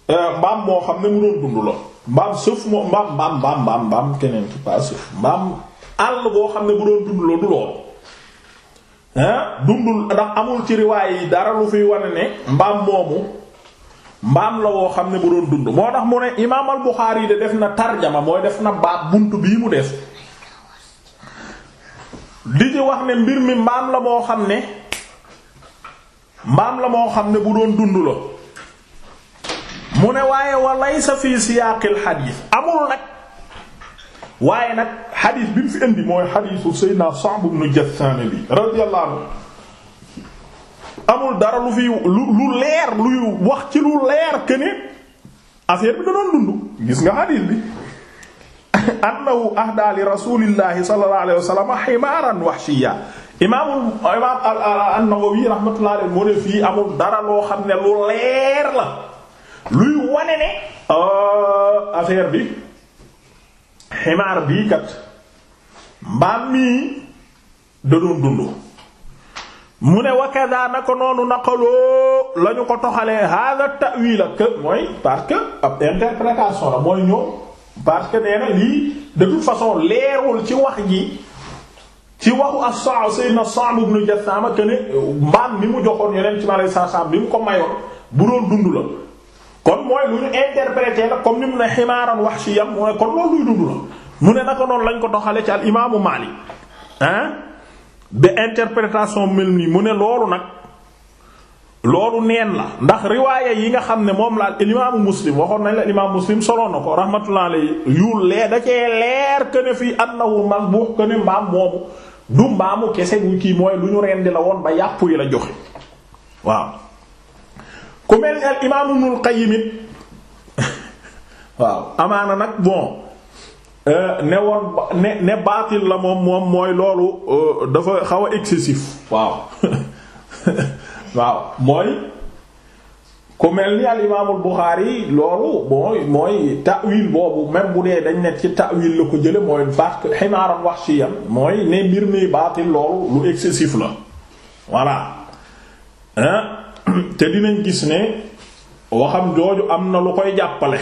euh, mbaam moo xam ne mu doon dund la mbaam suuf moom mbaam mbaam mbaam mbaam boo xam ne bu doon dund la ndax amul ci dara lu fiy wane ne mbaam moomu mbaam la woo xam ne bu doon dund moo tax mu ne imaam al Buxaari de def na tarjama mooy def na baab bunt bii mu def. di ci wax ne mbir mi mbaam la moo xam ne mbaam la moo xam ne bu doon dund la mu ne waaye walay sa fii siyaaqil xadiis amul nag waaye nag xadiis bi mu fi indi mooy xadiisu Seydina Sa'b ibn Jassaan bi radiyallahu anhu amul dara lu fi lu leer luy wax ci lu leer que ne bi da doon dund gis nga xadiis bi annahu ahda li rasulillahi sallallahu alayhi wa sallam himaaran wahshiyya imaamul imaam an-Nawawi rahmatullahi alayhi moo ne fii amul dara loo xam ne lu leer la luy wane ne euh, affaire bi ximaar bii kat mbaam mii da doon dund mu ne wakada na ko noonu naqaloo la ko toxalee hada ta'wil ak mooy parce que ab interprétation la mooy ñoom parce que nee na lii de toute façon leerul ci wax ji ci waxu as-Sa'd sayyidina Sa'd ibn Jassama que mbaam mi mu joxoon yeneen ci ma saa sàmm bi mu ko mayoon bu doon dund la. kon mooy lu ñu interprété la comme ni mu ne ximaaran wahshiyam mooy kon loolu luy dund la mu ne naka noonu lañ ko doxalee ci al imaamu Maalik ah ba interprétation mel nii mu ne loolu nag. loolu neen la ndax riwaaya yi nga xam ne moom la imaamu muslim waxoon nañ la imaamu muslim soloon na ko rahmatullah yu lee da cee leer que ne fii annahu masbuh que ne mbaam moomu du mbaamu kese gu kii mooy lu ñu rendi la woon ba yàpp yi la joxe waaw ku mel ni al imaamu ibnul qayyim (laughs) waaw amaana nag bon euh, ne woon ne ne baatil la moom moom mooy loolu euh, dafa xaw a excessif waaw (laughs) waaw mooy ku mel ni al imaamul Buxaari loolu mooy mooy ta'wil boobu même bu dee dañ ne ci ta'wil la ko jële mooy parce que ximaaram wax si yam mooy ne mbir mi baatil loolu lu excessif la voilà (clears throat) te dinañ gis ne waxam jooju am na lu koy jàppale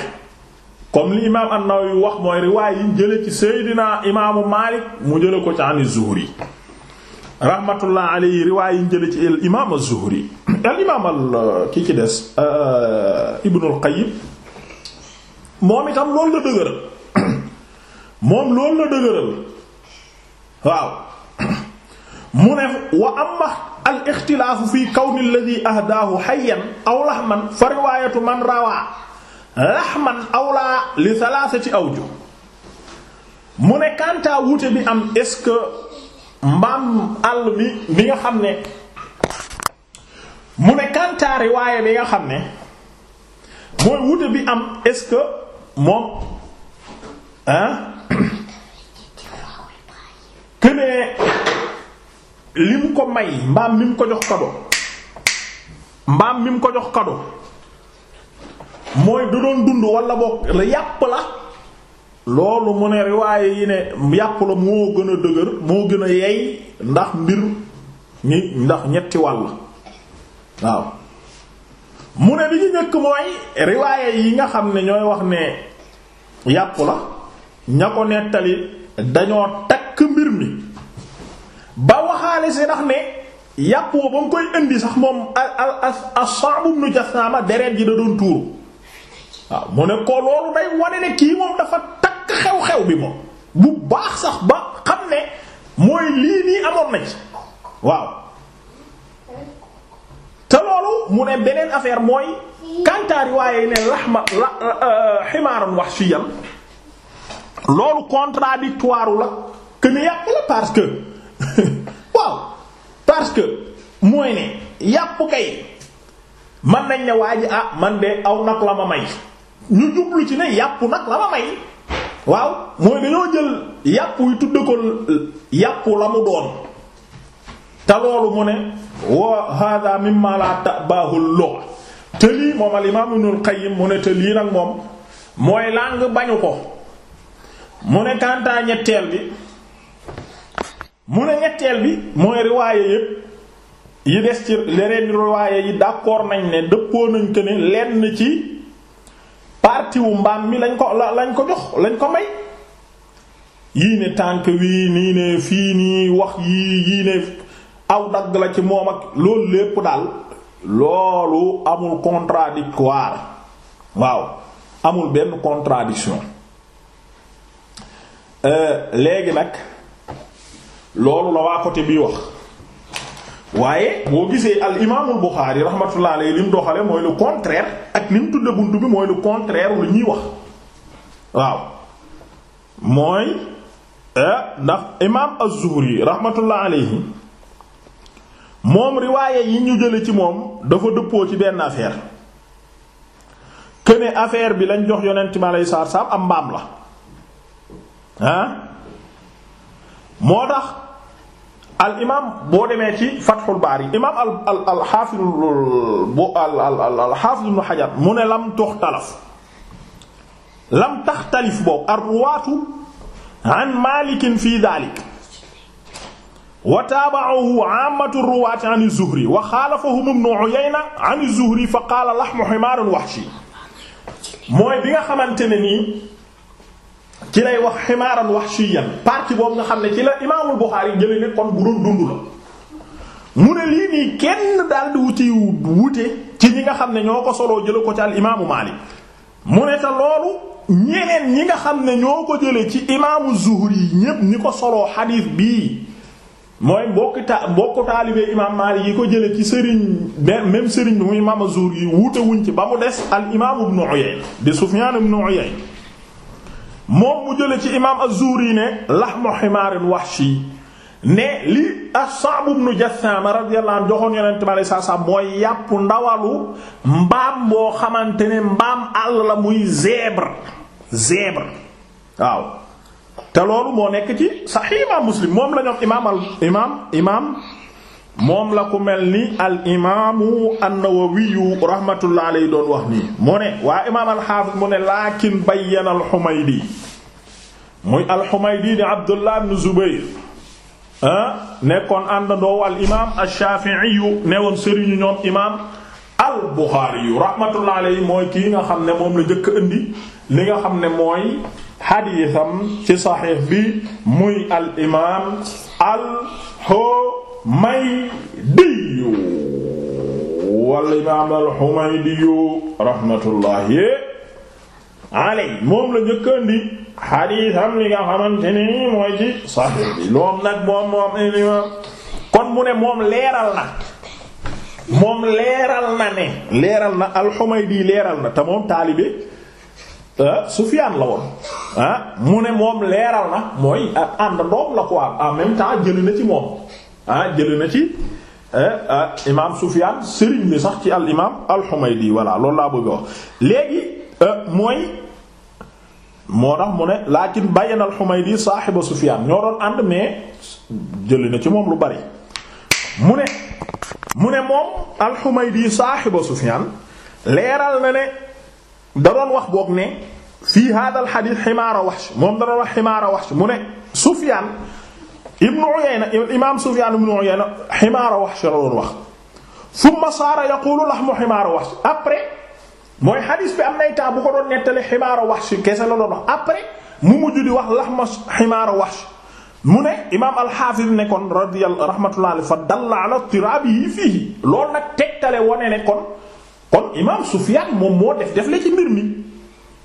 comme li imaam an-Nawawi wax mooy riwaay yi jële ci Seydina imaamu Maalik mu jële ko ci an Zuhri rahmatullah alayhi riwaay yi njële ci al imaam az (coughs) al euh, euh, Qayyim moom itam loolu la dëgëral (coughs) moom loolu la dëgëral waaw (coughs) mu ne wa amma al ixtilaafu fi kawni alladhi ahdaahu hayyan aw lahman fa riwaayatu man rawaa lahman awlaa li thalathati awjuh mu ne kanta wuute bi am est mbaam àll mi bi nga xam ne mu ne kantaa riwaaye bi nga xam ne mooy wute bi am est-ce que moom ah (coughs) que ne li mu ko may mbaam mi mu ko jox kado mbaam mi mu ko jox kado mooy da doon dund wala boog la yàpp la loolu mu ne riwaaye yi ne yàpp la moo gën a dëgër moo gën a yey ndax mbir ni ndax ñetti wàll waaw mu ne li ñu njëkk mooy riwaaye yi nga xam ne ñooy wax ne yàpp la ña ko nettali dañoo takk mbir mi ba waxaale si ndax ne yàpp wa ba mu koy indi sax moom as-Sa'b ibn Jassama deret ji da doon tuuru waaw mu ne ko loolu day wane ne kii moom dafa xew-xew bi moom bu baax sax ba xam ne mooy lii nii amoon na waaw te loolu mu ne beneen affaire mooy kantaari waaye ne laxma la euh, ximaaran waxshiyan loolu contradictoire la que yàpp la parce que (laughs) waaw parce que mooy ne yàpp kay man nañ ne waa ji ah, man de aw nag la ma may ñu jublu ci ne yàpp nag la ma may waaw mooy dañoo jël yàpp yu tudd ko euh, yàpp la mu doon te loolu mu ne wa hada mimma la tabahul lugha lii moom al imaam Ibnul Qayyim mu ne te nag moom mooy langue bañu ko mu ne kantaa ñetteel bi mu ne ñetteel bi mooy riwaaye yépp yi des ci leneen riwaaye yi d'accord nañ ne dëppoo nañ ko ne lenn ci parti wu mbaam mi lañ ko lañ ko jox lañ ko may yii ne tànk wii nii ne fii nii wax yii yii ne aw dagg la ci moom ak loolu lépp daal loolu amul contradictoire waaw amul benn contradiction euh, léegi nag loolu la waa côté bii wax waaye boo gisee al imaamul Buxaari rahmatullah alayhi li mu doxale mooy le contraire ak li mu tudde buntu bi mooy le contraire lu ñuy wax waaw mooy eh, ndax imaam az-Zuhri moom riwaaye yi ñu jële ci moom dafa dëppoo ci benn affaire këne affaire bi lañ jox yonent mi alayhi salaatu salaam am mbaam la ah moo tax al imaam boo demee ci Fathul Baari imaam al al al xaafiz al al al xaafiz ibn Hajar mu ne lam tuxtalaf lam taxtalif boobu ar-ruwaatu an Maalik fi daalik wa taaba'ahu 'aammatu ar-ruwaati an az-Zuhri wa xaalafahum ibn Uyayna an az-Zuhri fa qaala lahmu himaar al-wahshi mooy bi nga xamante ne nii. ci lay wax ximaaram ximaaran wahshiyan partie boobu nga xam ne ci la imaamul Buxaari jële ne kon bu doon dund la mu ne lii nii kenn daal di wuti wute ci ñi nga xam ne ñoo ko soloo jële ko ci al imaamu Maalik mu ne te loolu ñeneen ñi nga xam ne ñoo ko jële ci imaamu Zuhri ñépp ñi ko soloo xadiis bii mooy mbokk ta mbokk taalibe imaam Maalik yi ko jële ci sëriñ même sëriñ bi mu imaam Zuhri yi wute wuñ ci ba mu des al imaamu Ibnu Uyayna de Sufyaan ibnu Uyayna moom mu jële ci imaam az-Zuhri ne lahmu himaarin wahshi ne li as-Sa'b ibn Jassaama radiyallahu anhu joxoon yonent bi alayhi salaam mooy yàpp ndawalu mbaam boo xamante ne mbaam àll la muy zèbre zèbre waaw te loolu moo nekk ci Sahih Muslim moom la ñoom imaam imaam moom la ku mel ni al imaamu an-Nawawiyu rahmatullah alayhi doon wax nii mu ne waa imaam al-Hafiz mu ne laakin bayyana al-Humaydi muy al-Humaydi di Abdullah ibn Zubayr ah nekkoon àndandoo al imaam ash-Shafi'i newoon sëriñu ñoom imaam al-Bukhari yu rahmatullah mooy kii nga xam ne moom la njëkk a indi li nga xam ne mooy xadiisam ci saxiix bi muy al imaam al. may diyu wal imaam al-Humaydiyu rahmatullahi aley moom la njëkkandi xadiisam li nga xamante ne mooy ci saxiix bi loom nag moom moom imaam kon mu ne moom leeral na moom leeral na ne leeral na al leeral na te moom taalibe ah, Sufyaan la woon ah, mu ne moom leeral na mooy ah, ànd doom la quoi en même temps jëli na ci moom ah na ci eh, ah, imaam Sufyaan sëriñ bi sax ci al imaam al-Humaydi voilà loolu laa bëgg wax léegi eh, mooy moo tax mu ne lakin bayyana al-Humaydi saaxiba Sufyaan ñoo doon ànd mais jële na ci moom lu bari mu ne mu ne moom al-Humaydi saaxiba Sufyaan leeral na ne da doon wax boog ne fii hada al-hadiis ximaara Wahsh moom da doon wax ximaara Wahsh mu ne Sufyaan ibnu Uyayna imaam Sufyaan ibnu Uyayna ximaara Wahsh la doon wax summa saara yaqulu lahmu ximaara Wahsh après mooy xadiis bi am nay temps bu ko doon nettali ximaara Wahsh kese la doon wax après mu mujj di wax lahmu ximaara Wahsh mu ne imaam alxaafis ne kon radiyallahu rahmatullahi alayhi fa dalla ala tiraabihi fiihi loolu nag tegtale wone ne kon kon imaam Sufyaan moom moo def def la ci mbir mi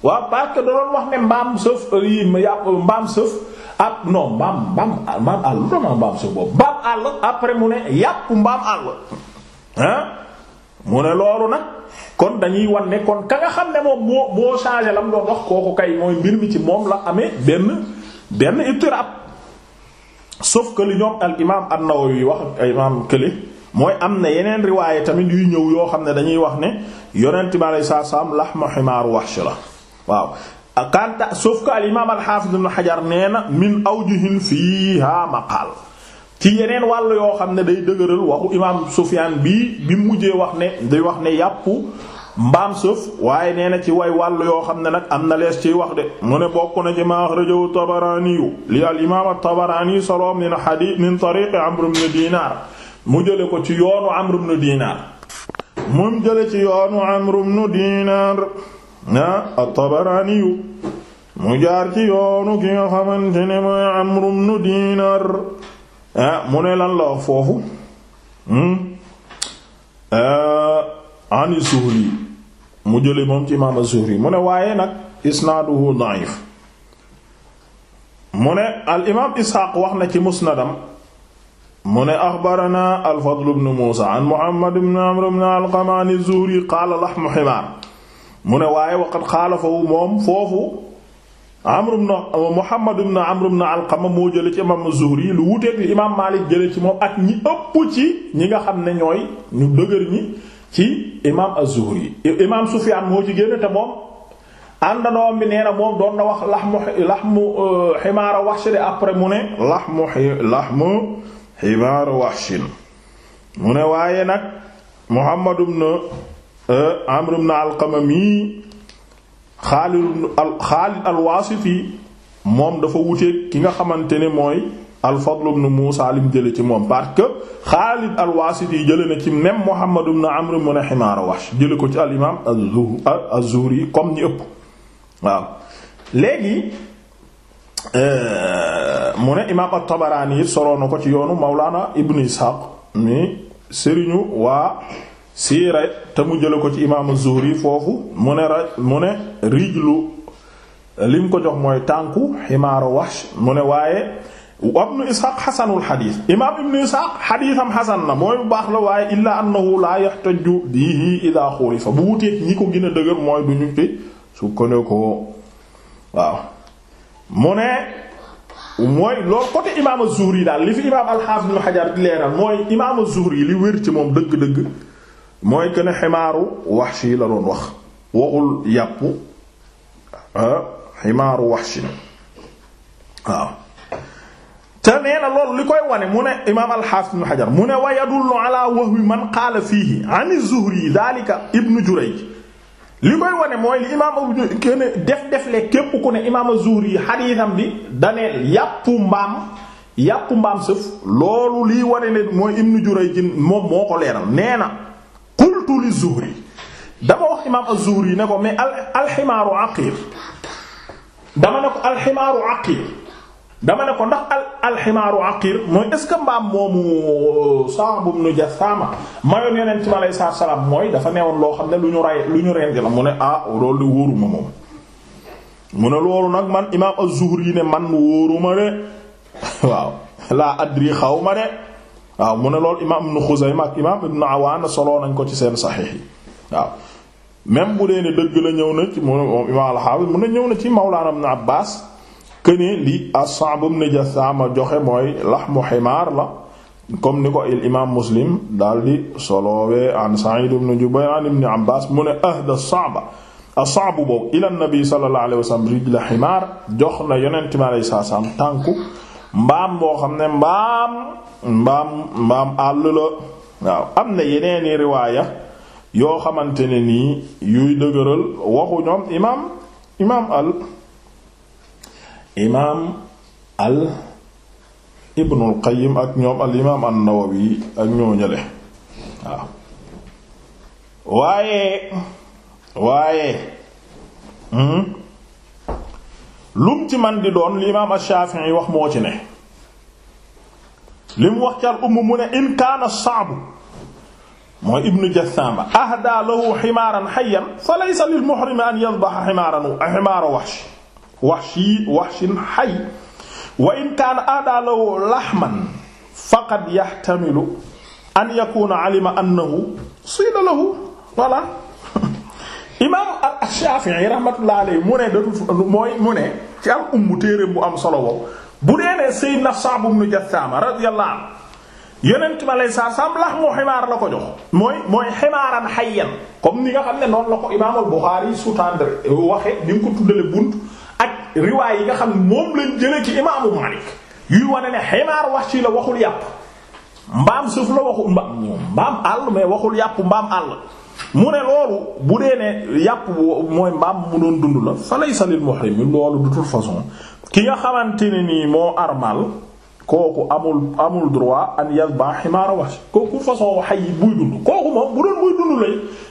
waaw parce que da doon wax ne mbaam sëf euh, mbaam sëf ab non mbaam mbaam àll lu dama mbaam sa mbaam àll après mu ne yàpp mbaam àll ah mu ne loolu nag kon dañuy wan ne kon ka nga xam ne moom moo moo changé lam doon wax kooku kay mooy mbir mi ci moom la amee benn benn ittirab sauf que li ñoom al imaam an-Nawawi wax ak imaam kële mooy am na yeneen riwaaye tamit yuy ñëw yoo xam ne dañuy wax ne yonent bi alayhi salaam laxmu ximaaru wahsh la waaw akanta sauf que al imaam al xaafiz ibn xajar nee na min awjuhin fiha maqaal ci yeneen wàll yoo xam ne day dëgëral waxu imaam Sufyaan bii bi mu mujjee wax ne day wax ne yàpp mbaam sëf waaye nee na ci way wàll yoo xam ne nag am na lees ciy wax de mu ne bokk na ci ma axrajahu tabaraaniyu li al imaam at-tabaraani solo min xadiis tariiqi amr ibn dinaar mu jële ko ci yoonu am ibn dinaar mu jële ci yoonu amr ibn dinaar ah at-Tabaraniyu mu jaar ci yoonu ki nga xamante ne mooy Amru ibnu Diinaar ah, mu ne lan la wax foofu hmm? ah, ani Zuhri mu jële moom ci imaam Zuhri mu ne waaye nag isnaaduhu da'if mu ne al imaam wax na ci musnadam mu ne axbarana al-Fadl ibnu Muusaa an Muhammad ibnu Amr ibnu Alqama an qaala lahmu himaar mu ne waaye waqad xaalafahu moom foofu Amr ibn Muhammad na Amr na Alqama moo jële ci imam yi lu wuteeg li imam Malik jële ci moom ak ñi ëpp ci ñi nga xam ne ñooy ñu dëgër ñi ci imam Az-Zuhri imam Sufyan moo ci génn te moom àndanoom bi nee na moom doon na wax laxmu laxmu euh, ximaara waxshin après mu ne laxmu laxmu ximaara waxshin mu ne waaye nag Muhammad ibn Euh, Amr ibn Alqama mii Xaalid Xaalid al-Waasiti moom dafa wuteeg ki nga xamante ne mooy al-Fadl ibn Muusaa lim jële ci moom parce que Xaalid al-Waasiti jële na ci même Muhammad ibn Amr mu ne Himaar Wahsh jële ko ci al-imaam az-Zuhri comme ñi ëpp waaw léegi euh, mu ne imaam at-Tabaraani it na ko ci yoonu Mawlaana Ibn Isxaaq mi sëriñu waa siira te mu jële ko ci imaamu Zuhri foofu mu ne raj mu ne rijlu lim ko jox mooy tànku ximaaru Wahsh mu ne waaye ibnu Isxaaq xasanul xadiis imaam ibnu Isxaaq xadiisam xasan na mooy bu baax la waaye illaa annahu laa yaxtaju bihi idaa xulifa bu wuteek ñi ko gën a dëgër mooy du ñu ci sukkandikoo waaw mu ne mooy loolu côté imaam az-Zuhri daal li fi imaam al-Haafiz ibnu di leeral mooy imaam zuhri li wér ci moom dëgg-dëgg mooy que ne ximaaru Wahshi la doon wax waxul yàpp ah ximaaru Wahshi waaw. te nee loolu li koy wane mu ne imaam al-Hafiz ibn mu ne wa yadullu ala wahmi man qaala fiihi an az-Zuhri dhalika koy wane mooy li defle képp ku ne imaam az-Zuhri bi daneel yàppu mbaam yàppu mbaam sëf loolu liy wane ne mooy ibnu Jurayj moom moo ko leeral nee na. qultu li Zuhri dama wax imaam az-Zuhri ne ko mais alximaaru aqiir dama ne ko alximaaru aqiir dama ne ko ndax alximaaru aqiir mooy est mbaam moomu Sa'b ibn Jassama mayoon Yonent bi alayhi salaatu wa salaam mooy dafa newoon loo xam ne lu ñu rey lu ñu rendi la mu ne ah loolu de wóoruma moom mu ne loolu nag man imaam az-Zuhri ne man wóoruma de (laughs) waaw laa adri xawma de waaw mu ne loolu imaam ibnu Xuzayma ak imaam ibnu Awaana soloo nañ ko ci seen saxiix yi waaw même bu dee ne dëgg la ñëw na ci moom imaam al mu ne ñëw na ci Mawlaana ibnu Abbaas këne li as-Sa'b ibnu Jasaama joxe mooy laxmu ximaar la comme ni ko il imaam daal di solowee an Sa'iid ibnu Abbaas mu ne ahda as-Sa'b as-Sa'b boobu ila nabi sallallahu alayhi wa sallam rijla ximaar jox na yonent mi alayhi salaam tànku mbaam boo xam ne mbaam mbaam mbaam àll la waaw am na yeneeni riwaaya yoo xamante ne nii yuy dëgëral waxu ñoom imaam imaam al imaam al ibnul qayyim ak ñoom al imaam an-nawawi ak ñoo ñële waaw waaye waaye hmm lum ci man di doon li imaam Shaafi'i wax moo ci ne li mu wax ci al umm mu ne in kaana sa'bu mooy ibnu jassama ahda lahu ximaaran xayan fa laysa lil muhrimi an yadbaxa ximaaran ximaara waxsh waxshi waxshin xay wa in kaana ahda lahu laxman faqad yaxtamilu an yakuna alima annahu siida lahu voilà imaam al-Shafi'i rahmatullah alayhi mu ne de mooy mu ne ci al umm téereem bu am solo boobu bu dee ne Sayyidna Sa'b ibn Jassama radiyallahu anhu yonent ma lay saa saam laxmu ximaar la ko jox mooy mooy ximaaran xayyan comme ni nga xam ne noonu la ko imaamul Buxaari sutandre waxe ni nga ko tuddale bunt ak riwaay yi nga xam ne moom lañ jëlee ci imaamu Maalik yuy wane ne ximaar wax ci la waxul yàpp mbaam suuf la waxul mbaam mbaam àll mais waxul yàpp mbaam àll mu ne loolu bu dee ne yàpp mooy mbaam mu doon dund la fa laysa lil muhrim loolu de toute façon ki nga xamante ne nii moo armal kooku amul amul droit an yasba ximaara wax kooku façon xay yi buy dund kooku moom doon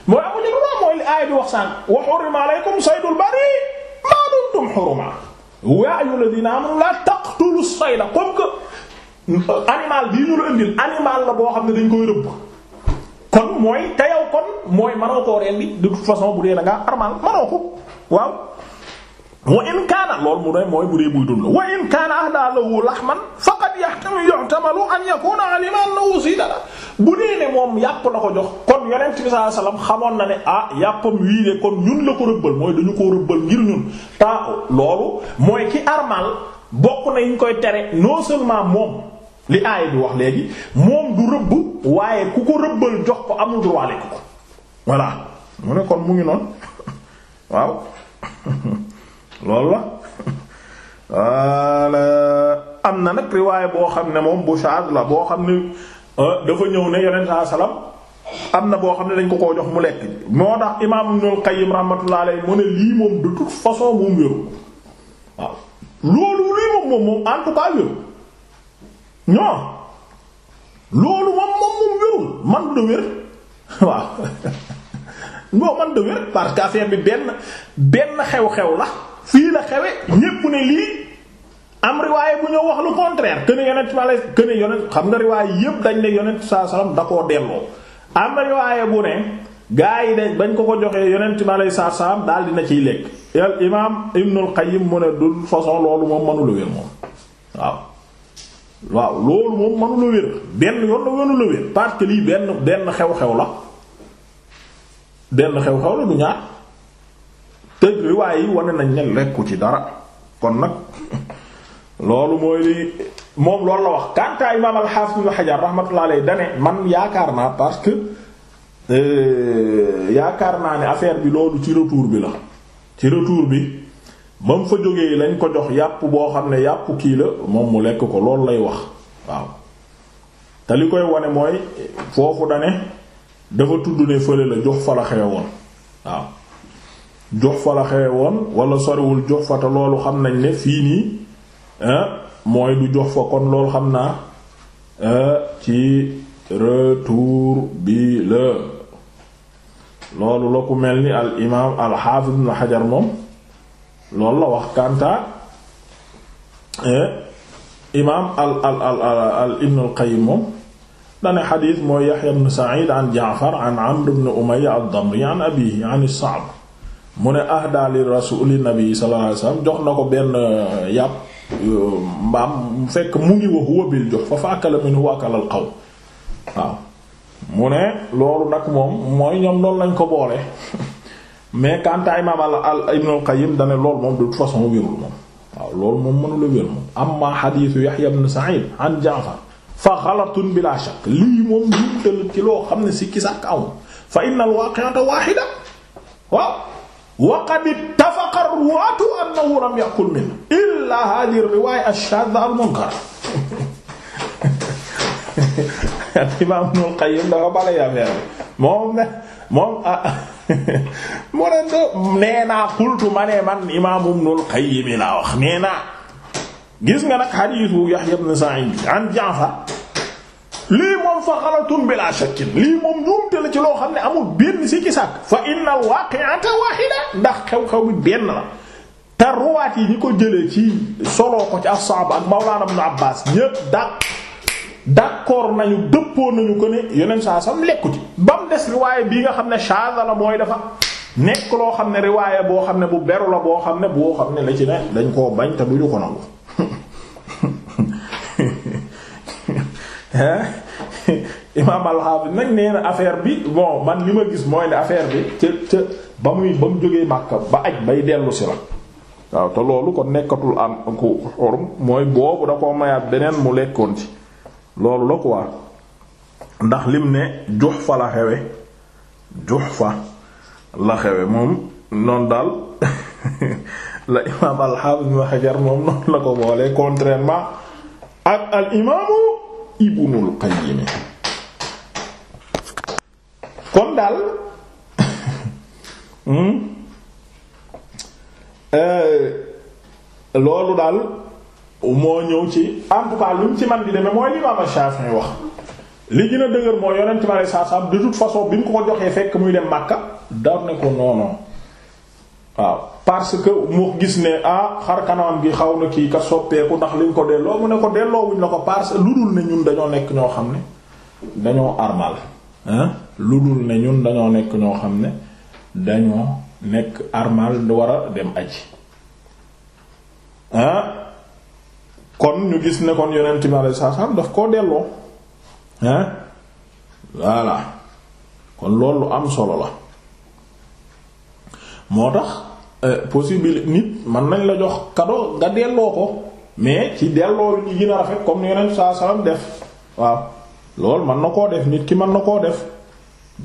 mooy li aaya bi wax wa hurrima alaykum saydul bari ma dumtum hurma ya ayyuhalladhina amanu la taqtulu sayda comme que animal bii ñu la indil animal la boo xam ne dañ koy rëbb kon mooy te yow kon mooy manoo koo rendi de toute façon bu dee da ngaa armal manoo ko waaw wa in kaana loolu mu ne mooy bu dee buy dund la wa in kaana ahda lahu lahman faqad yahtamu yuhtamalu an yakuna alima annahu sidara bu dee ne moom yàpp la ko jox kon yonent bi sallallahu alayhi wasallam xamoon na ne ah yàppam wii de kon ñun la ko rëbbal mooy dañu koo rëbbal ngir ñun ta loolu mooy ki armal bokk na ñu koy tere non seulement moom li aaya bi wax léegi moom du rëbb waaye ku ko rëbbal jox ko amul droit lekk ko voilà mu ne kon mu ngi noonu (laughs) waaw (laughs) loolu la waala am na nag riwaay boo xam ne moom bu charge la boo xam ne euh, dafa ñëw ne yonent saa salaam am na boo xam ne dañ ko koo jox mu lekk moo tax imaam Ibnul Qayyim rahmatullah alayhi mu ne lii moom de toute façon moom wéru waaw loolu lii moom moom moom en tout cas wéru non loolu moom moom moom wérul man du (laughs) waaw non man du parce que affaire bi benn benn xew-xew la fii la xewe ñépp ne lii am riwaaye bu ñëw wax lu contraire que ne yonent wala que ne yonent xam nga riwaaye yépp dañ salaam da koo delloo am riwaaye bu ne gaa yi dañ bañ ko ko joxee yonent ma lay saa salaam daal dina ciy lekk al imaam Ibnul Qayyim mu ne dul façon loolu moom mënula wér moom waaw waaw loolu moom mënu la wér benn yoon la mënu la wér parce que lii benn benn xew-xew la benn xew-xew la du ñaar te riwaay wane nañ ne lekku ci dara kon nag (laughs) loolu mooy li moom loolu la wax kanta imaam al-Hafiz ibn Hajar rahmatullah alayhi dane man yaakaar naa parce que euh, yaakaar naa ne affaire bi loolu ci retour bi la ci retour bi ba mu fa jógee lañ ko jox yàpp boo xam ne yàpp kii la moom mu lekk ko loolu lay wax waaw te li koy wane mooy foofu dane dafa tudd ne fële la jox fa la xewe woon waaw jox fa la xewe woon wala sorewul jox fa te loolu xam nañ ne fii nii mooy du jox fa kon loolu xam naa ci retour bi la loolu la ku mel ni al imaam al xaafis ibn Hajar moom loolu la wax kanta eh, imaam al al al al ibn al qayyim moom dane mooy yaxya ibn sa'id an jaafar an amr ibn umayya ad-damri an abihi an as-sa'b mu ne ahda li rasuli nabi sallallahu alayhi wasallam jox na ko benn eh, yàpp mbaam fekk mu ngi wa huwa bil juhfa fa akala minhu wa akala al qawm waaw mu ne loolu nag moom mooy ñoom loolu lañ ko boole (laughs) mais kanta imam al ibn al qayyim dane lool moom de toute façon wérul moom waaw loolu moom mënula wér moom amma xadiisu yaxya ibn sa'id an ja'far fa xalatun bila shakk lii moom jumtal ci loo xam ne si kisàkk amul fa inna al waqi'ata wahida waaw wa qad ittafaqa ar-ruwaatu annahu lam ya'kul minhu illa hadhihi ar-riwaaya ash-shaadha al-munkara (laughs) al imam ibn al qayyim dafa bala yaa moom ne moom ah, mu ne de qultu ma ne man imaam Ibnul Qayyim laa wax nee gis nga nag xadiisu Yahya ibn Sa'id an Ja'far lii moom fa xalatum bila shakkin lii moom njuumte la ci loo xam ne amul benn si ci sàkk fa inna al-waaqi'ata waahida ndax xew-xew bi benn la te ruwaat yi ñi ko jëlee ci solo ko ci as-sahaaba ak Mawlaana Ibn Abbaas ñépp d'accord nañu dëppoo nañu ko ne yeneen saa sam lekku ci ba mu des riwaaya bii nga xam ne shaza la mooy defa nekk loo xam ne riwaaya boo xam ne bu beru la boo xam ne boo xam ne la ci ne dañ koo bañ te duñu ko nangu imaam affaire bi bon man li ma gis mooy ne affaire bi ca ca ba muy ba mu jógee Makka ba aj bay dellu si la waaw te loolu kon nekkatul am ku xorum mooy boobu da koo mayaat beneen mu lekkoon ci loolu la quoi ndax lim ne jux fa la xewe jux fa la xewe moom noonu daal (laughs) la imaam alxaafis ibn Hajar moom noonu la ko boole contrairement ak al imaamu Ibnul Qayyim kon daal (laughs) hmm? euh, loolu daal moo ñëw ci en tout cas luñ ci man di demee mooy li Imaam Shafi'i wax li gën a dëgër mooy yonent ma lay saasam de toute façon bi mu ko ko joxee fekk muy dem Makka daan ne ko noonu waaw parce que mu gis ne ah xar kanam gi xaw na kii ka soppeeku ndax liñ ko delloo mu ne ko delloowuñ la ko parce que lu dul ne ñun dañoo nekk ñoo xam ne dañoo armal hein lu dul ne ñun dañoo nekk ñoo xam ne dañoo nekk armal war a dem aji hein kon ñu gis ne kon yonent bi alayhi salaam daf koo delloo hein voilà kon loolu am solo la moo tax euh, possible nit man nañ la jox cadeau nga delloo ko mais ci delloo yi gën a rafet comme yonent bi alayhi salaam def waaw loolu mën na koo def nit ki mën na koo def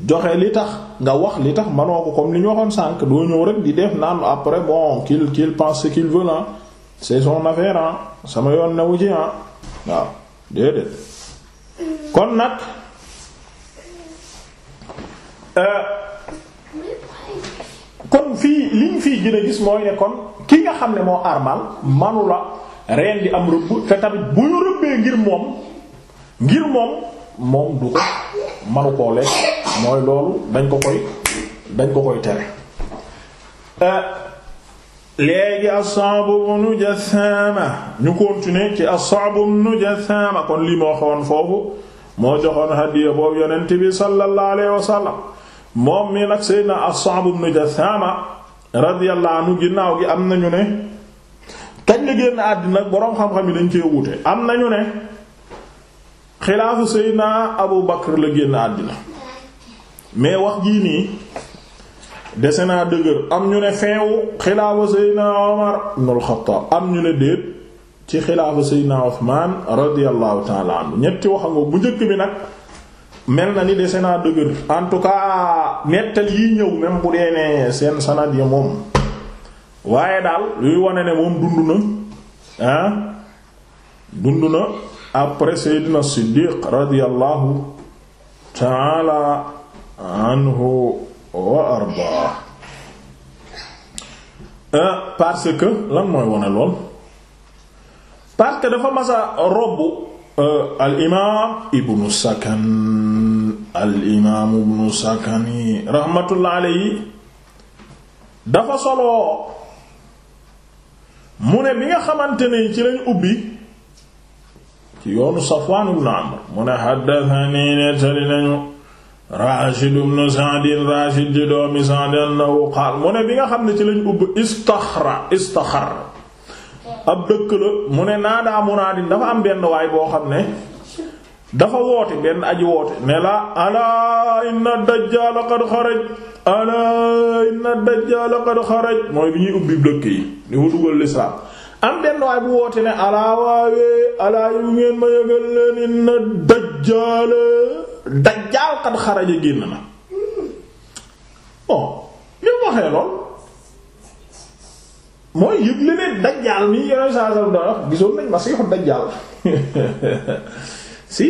joxe li tax nga wax li tax manoo ko comme li ñu waxoon sànq doo ñëw rek di def naan après bon qu'il qu'il pense ce qu'il veut c'est son sama yoon newu ci ah waaw déedéet kon nag euh, kon fii liñ fii gën a gis mooy ne kon ki nga xam ne moo armal manu la reen di am rëbb te tamit bu ñu rëbbee ngir moom ngir moom moom du ko manu koo lekk mooy loolu dañ ko koy dañ ko koy tere euh, léegi as-Sa'b ibn Jathama ñu kontine ci as-Sa'b ibn Jathama kon lii moo xawoon foofu moo joxoon hadiya boobu yonent bi sallallahu alayhi wa sallam moom mi nag Seydina as-Sa'b ibn Jathama radiyallahu anhu ginnaaw gi am nañu ne kañ la génn àddina boroom xam-xam yi dañ cee wuute am nañu ne xilaafu Seydina Abu Bakr la génn àddina mais wax jii nii dese naa dëgër am ñu ne feewu xilaafa seydna omar ibnul xattaab am ñu ne déet ci xilaafa seydna osmaan radiyallahu taala anhu ñetti wax bu njëkk bi nag mel na ni dese naa dëgër en tout cas nettal yi ñëw même bu dee ne seen sanad ya moom waaye daal luy wane ne moom dund na ah dund na après seydna siddiq radiyallahu taala anhu wa ardaa euh, parce que lan mooy wone lool parce que dafa masa robb euh, al ibnu sakan al ibnu sakani rahmatullah alayhi dafa solo mu ne bi nga xamante ne ci lañ ubbi ci yoonu safwaan ibnu amr mu ne haddathani nettali nañu Rashid ibn Sa'd Rashid di doomi Sa'd annahu qaal mu ne bi nga xam ne ci lañ ubb istaxra istaxar ab dëkk la mu ne naadaa munaadin dafa am benn waay boo xam ne dafa woote benn aji woote ne la alaa inna dajjaal qad xaraj alaa inna dajjaal qad xaraj mooy bi ñuy ubbi dëkk yi di ko dugal lislaam am benn waay bu woote ne alaa waawee ngeen ma yëgal leen inna dajjaal dajjaal xat xaraja génn na bon li waxee lool mooy yëgle ne dajjaal mi yeneen saa saa doon wax gisoon nañ masiixu dajjaal (laughs) si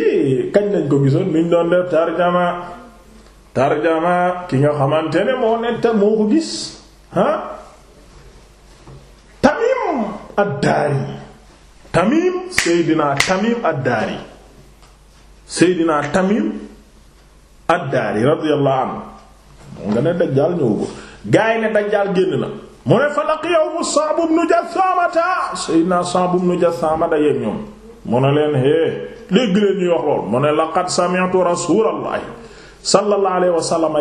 kañ lañ ko gisoon luñ doon def tarjama tarjama ki nga xamante ne moo netta moo ko gis ah tamim addaari tamim seydinaa tamim addaari seydinaa tamim addaari radiyallahu anhu mu nga ne dajjaal ñëwagul gaa yi ne dajjaal génn na fa laqiyahu Sa'b ibn Jassamata sayyidina Sa'b ibn Jassama dajeek ñoom mu leen hee dégg leen ñuy wax lool laqad sami'tu rasulallahi sallallahu alayhi wa sallam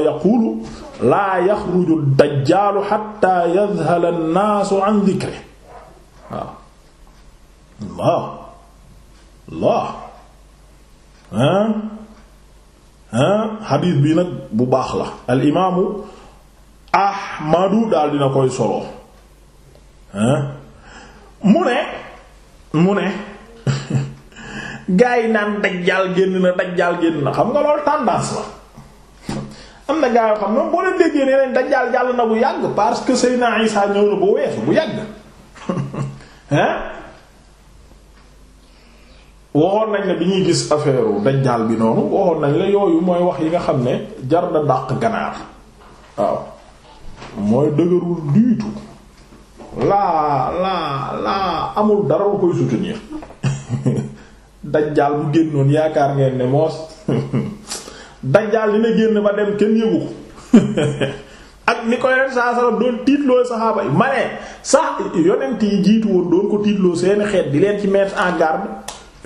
laa yaxruju dajjaalu hatta yadhala an-naasu an dhikrihi waaw Allah Allah xadiis bi nag bu baax la al imaamu ahmadu daal dina koy solo mu ne mu ne (laughs) gaa yi naan dajjaal génn na dajjaal génn na xam nga loolu tendance la am na gaa yoo xam noonu boo leen déggee nee nañ dajjaal jàll na bu yàgg parce que Seydina Isa ñëw bu weesu bu yàgg (laughs) hein waxoon nañ la bi ñuy gis affaire dajjaal bi noonu waxoon nañ la yooyu mooy wax yi nga xam ne jar na dàq ganaar waaw mooy dëgërul du laa laa laa amul dara lu koy soutenir (laughs) dajjaal bu génnoon yaakaar ngeen ne moos (laughs) dajjaal dina génn ba dem kenn yëgu ko (laughs) ak ni ko yeneen saa salaam doon tiitloo saxaaba yi ma ne sax yonent yi jiitu woon doon ko tiitloo seeni xeet di leen ci mettre en garde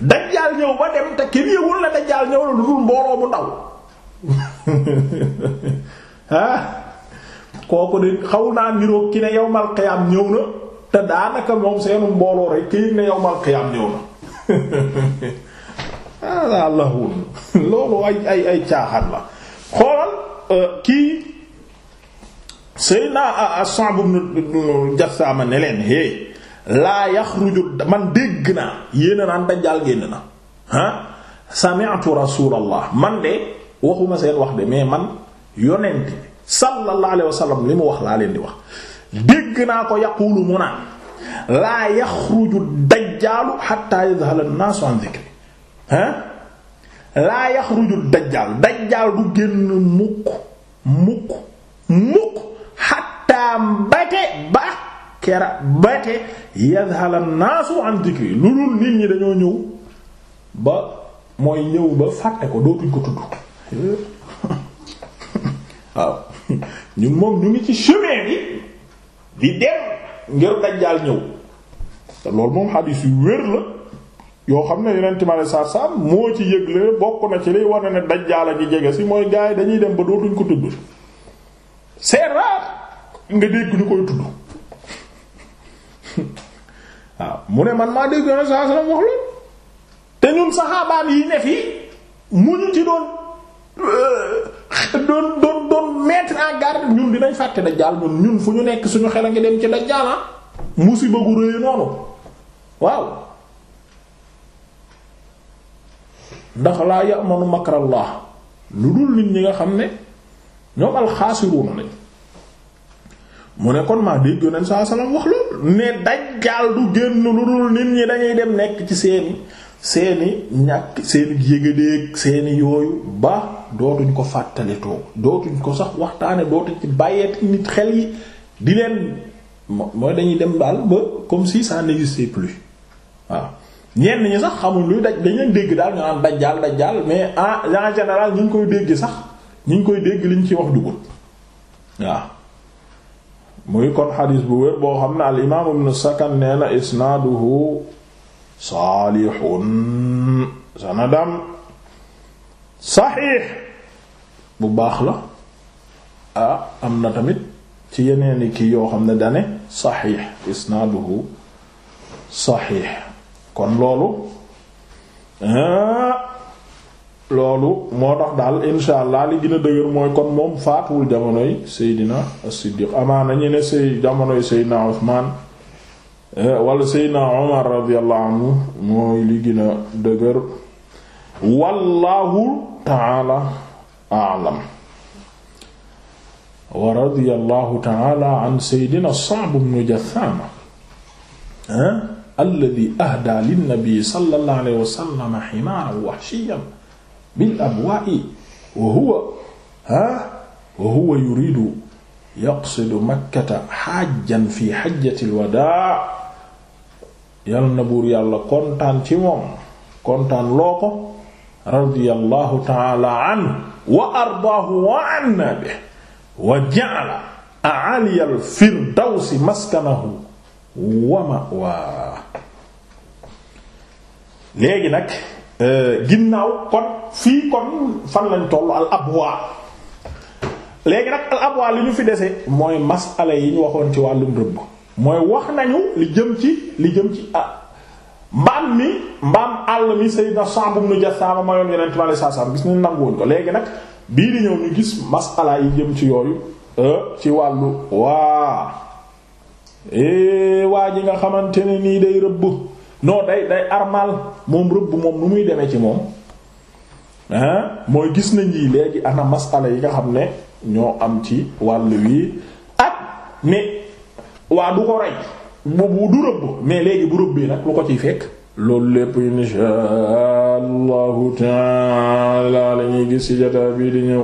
dajjaal ñëw ba dem te kii yëwul la dajjaal ñëw la lu dul mbooloo mu ndaw (laughs) ah kooku de xaw naa niroog ki ne yawmal qiyaam ñëw na te daanaka moom seenu mbooloo rek kii ne yawmal qiyaam ñëw na (laughs) ah, loolu ay ay ay la xoolal euh, kii Seydina euh, Sa'b ibn Jassama ne leen hey laa yaxruju man dégg naa yéena naan dajjaal génn na ah sami'tu rasulallah man de waxuma seen wax de mais man yonent bi sallallahu alayhi wa li mu wax laa leen di wax dégg naa ko yaqulu mu naan laa yaxruju dajjaalu hatta yadhhala an-naasu an dhikri ah laa yaxruju dajjaal dajjaal du génn mukk mukk mukk hatta mbate ba kera bate yadhala naasu an dhikri lu dul nit ñi dañoo ñëw ba mooy ñëw ba fàtte ko dootuñ ko tudd (laughs) waaw ñun moom ñu ngi ci chemin bi di dem ngir dajjaal ñëw te loolu moom xadiis yu wér la yoo xam ne yeneen timale saar saar moo ci yëgle bokk na ci liy war na ne dajjaal a ngi jege si mooy gaay dañuy dem ba dootuñ ko tudd c'est nga dégg ñu koy tudd waaw mu ne man maa dégg yoon saa salaam wax loolu te ñun saxaabaan yi ne fii mu ñu ci doon euh, doon doon doon mettre en garde ñun dinañ fàtte dajjaal ñun ñun fu ñu nekk suñu xel a ngi dem ci dajjaal ah. musiba gu rëy noonu waaw ndax laa ya'manu makrallah lu dul nit ñi nga xam ne ñoom alxaasiruuna lañ mu ne kon maa dégg yonent saa salaam wax loolu ne dajjaal du génn lu dul nit ñi dañuy dem nekk ci seeni seeni ñàkk seeni yëgëdeeg seeni yooyu ba dootuñ ko fàttalitoo dootuñ ko sax waxtaane dootuñ ci bàyyeeti nit xel yi di leen mooy dañuy dem daal ba comme si ça n'existait plus waaw ñenn ñi sax xamul luy daj dañ leen dégg daal ñu naan dajjaal dajjaal mais ah en général ñu ngi koy dégg sax ñu ngi koy dégg liñ ci wax dugul waaw muy kon xadis bu wér boo xam ne al imaam ibn sakan nee na isnaaduhu saalihun sanadam saxiix bu baax la a am na tamit ci yeneeni kii yoo xam ne dane saxiix isnaaduhu saxiix kon loolu ah loolu moo tax daal insha allah li gën dëgër mooy kon moom faatuwul jamonoy Seydina as-Siddiq amaana ñu ne say jamonoy Seydina Usmaan eh, wala Seydina Umar radiyallahu anhu mooy li gën dëgër wallahu ta'ala a'lam wa ta'ala an Seydina Sa'b ibn Jathama eh, alladhi ahda lin-nabi bil abwa'i wa huwa ha wa huwa yuridu yaqsidu makkata xajjan fi xajjatil wadaa yal na buur yàlla kontaan ci moom kontaan loo ko radiyallahu taala anhu wa ardaahu wa anna bihi wa ja'ala a'ali al firdawsi maskanahu wa ma'waahu léegi nag Euh, ginnaaw kon fii kon fan lañ toll al abwa léegi nag al abwa li ñu fi dese mooy masala yi ñu waxoon ci wàllum rëbb mooy wax nañu li jëm ci li jëm ci ah mbaam mi mbaam àll mi sayyidna Sa'b ibn Jassaama mayoon yeneen tubaab saa saa gis nañu nanguwoon ko léegi nag bii di ñëw ñu gis masala yi jëm ci yooyu euh, ci wàllu waa waa ji nga xamante nii day rëbb. non day day armal moom rëbb moom nu muy demee ci moom ah mooy gis nañ ni léegi ana masala yi nga xam ne ñoo am ci wàll wi ak ne waa du ko rey bu du rëbb mais léegi bu rëbbee nag lu ko ciy fekk loolu lépp insha allahu taala la gis ci jotaay bii di ñëw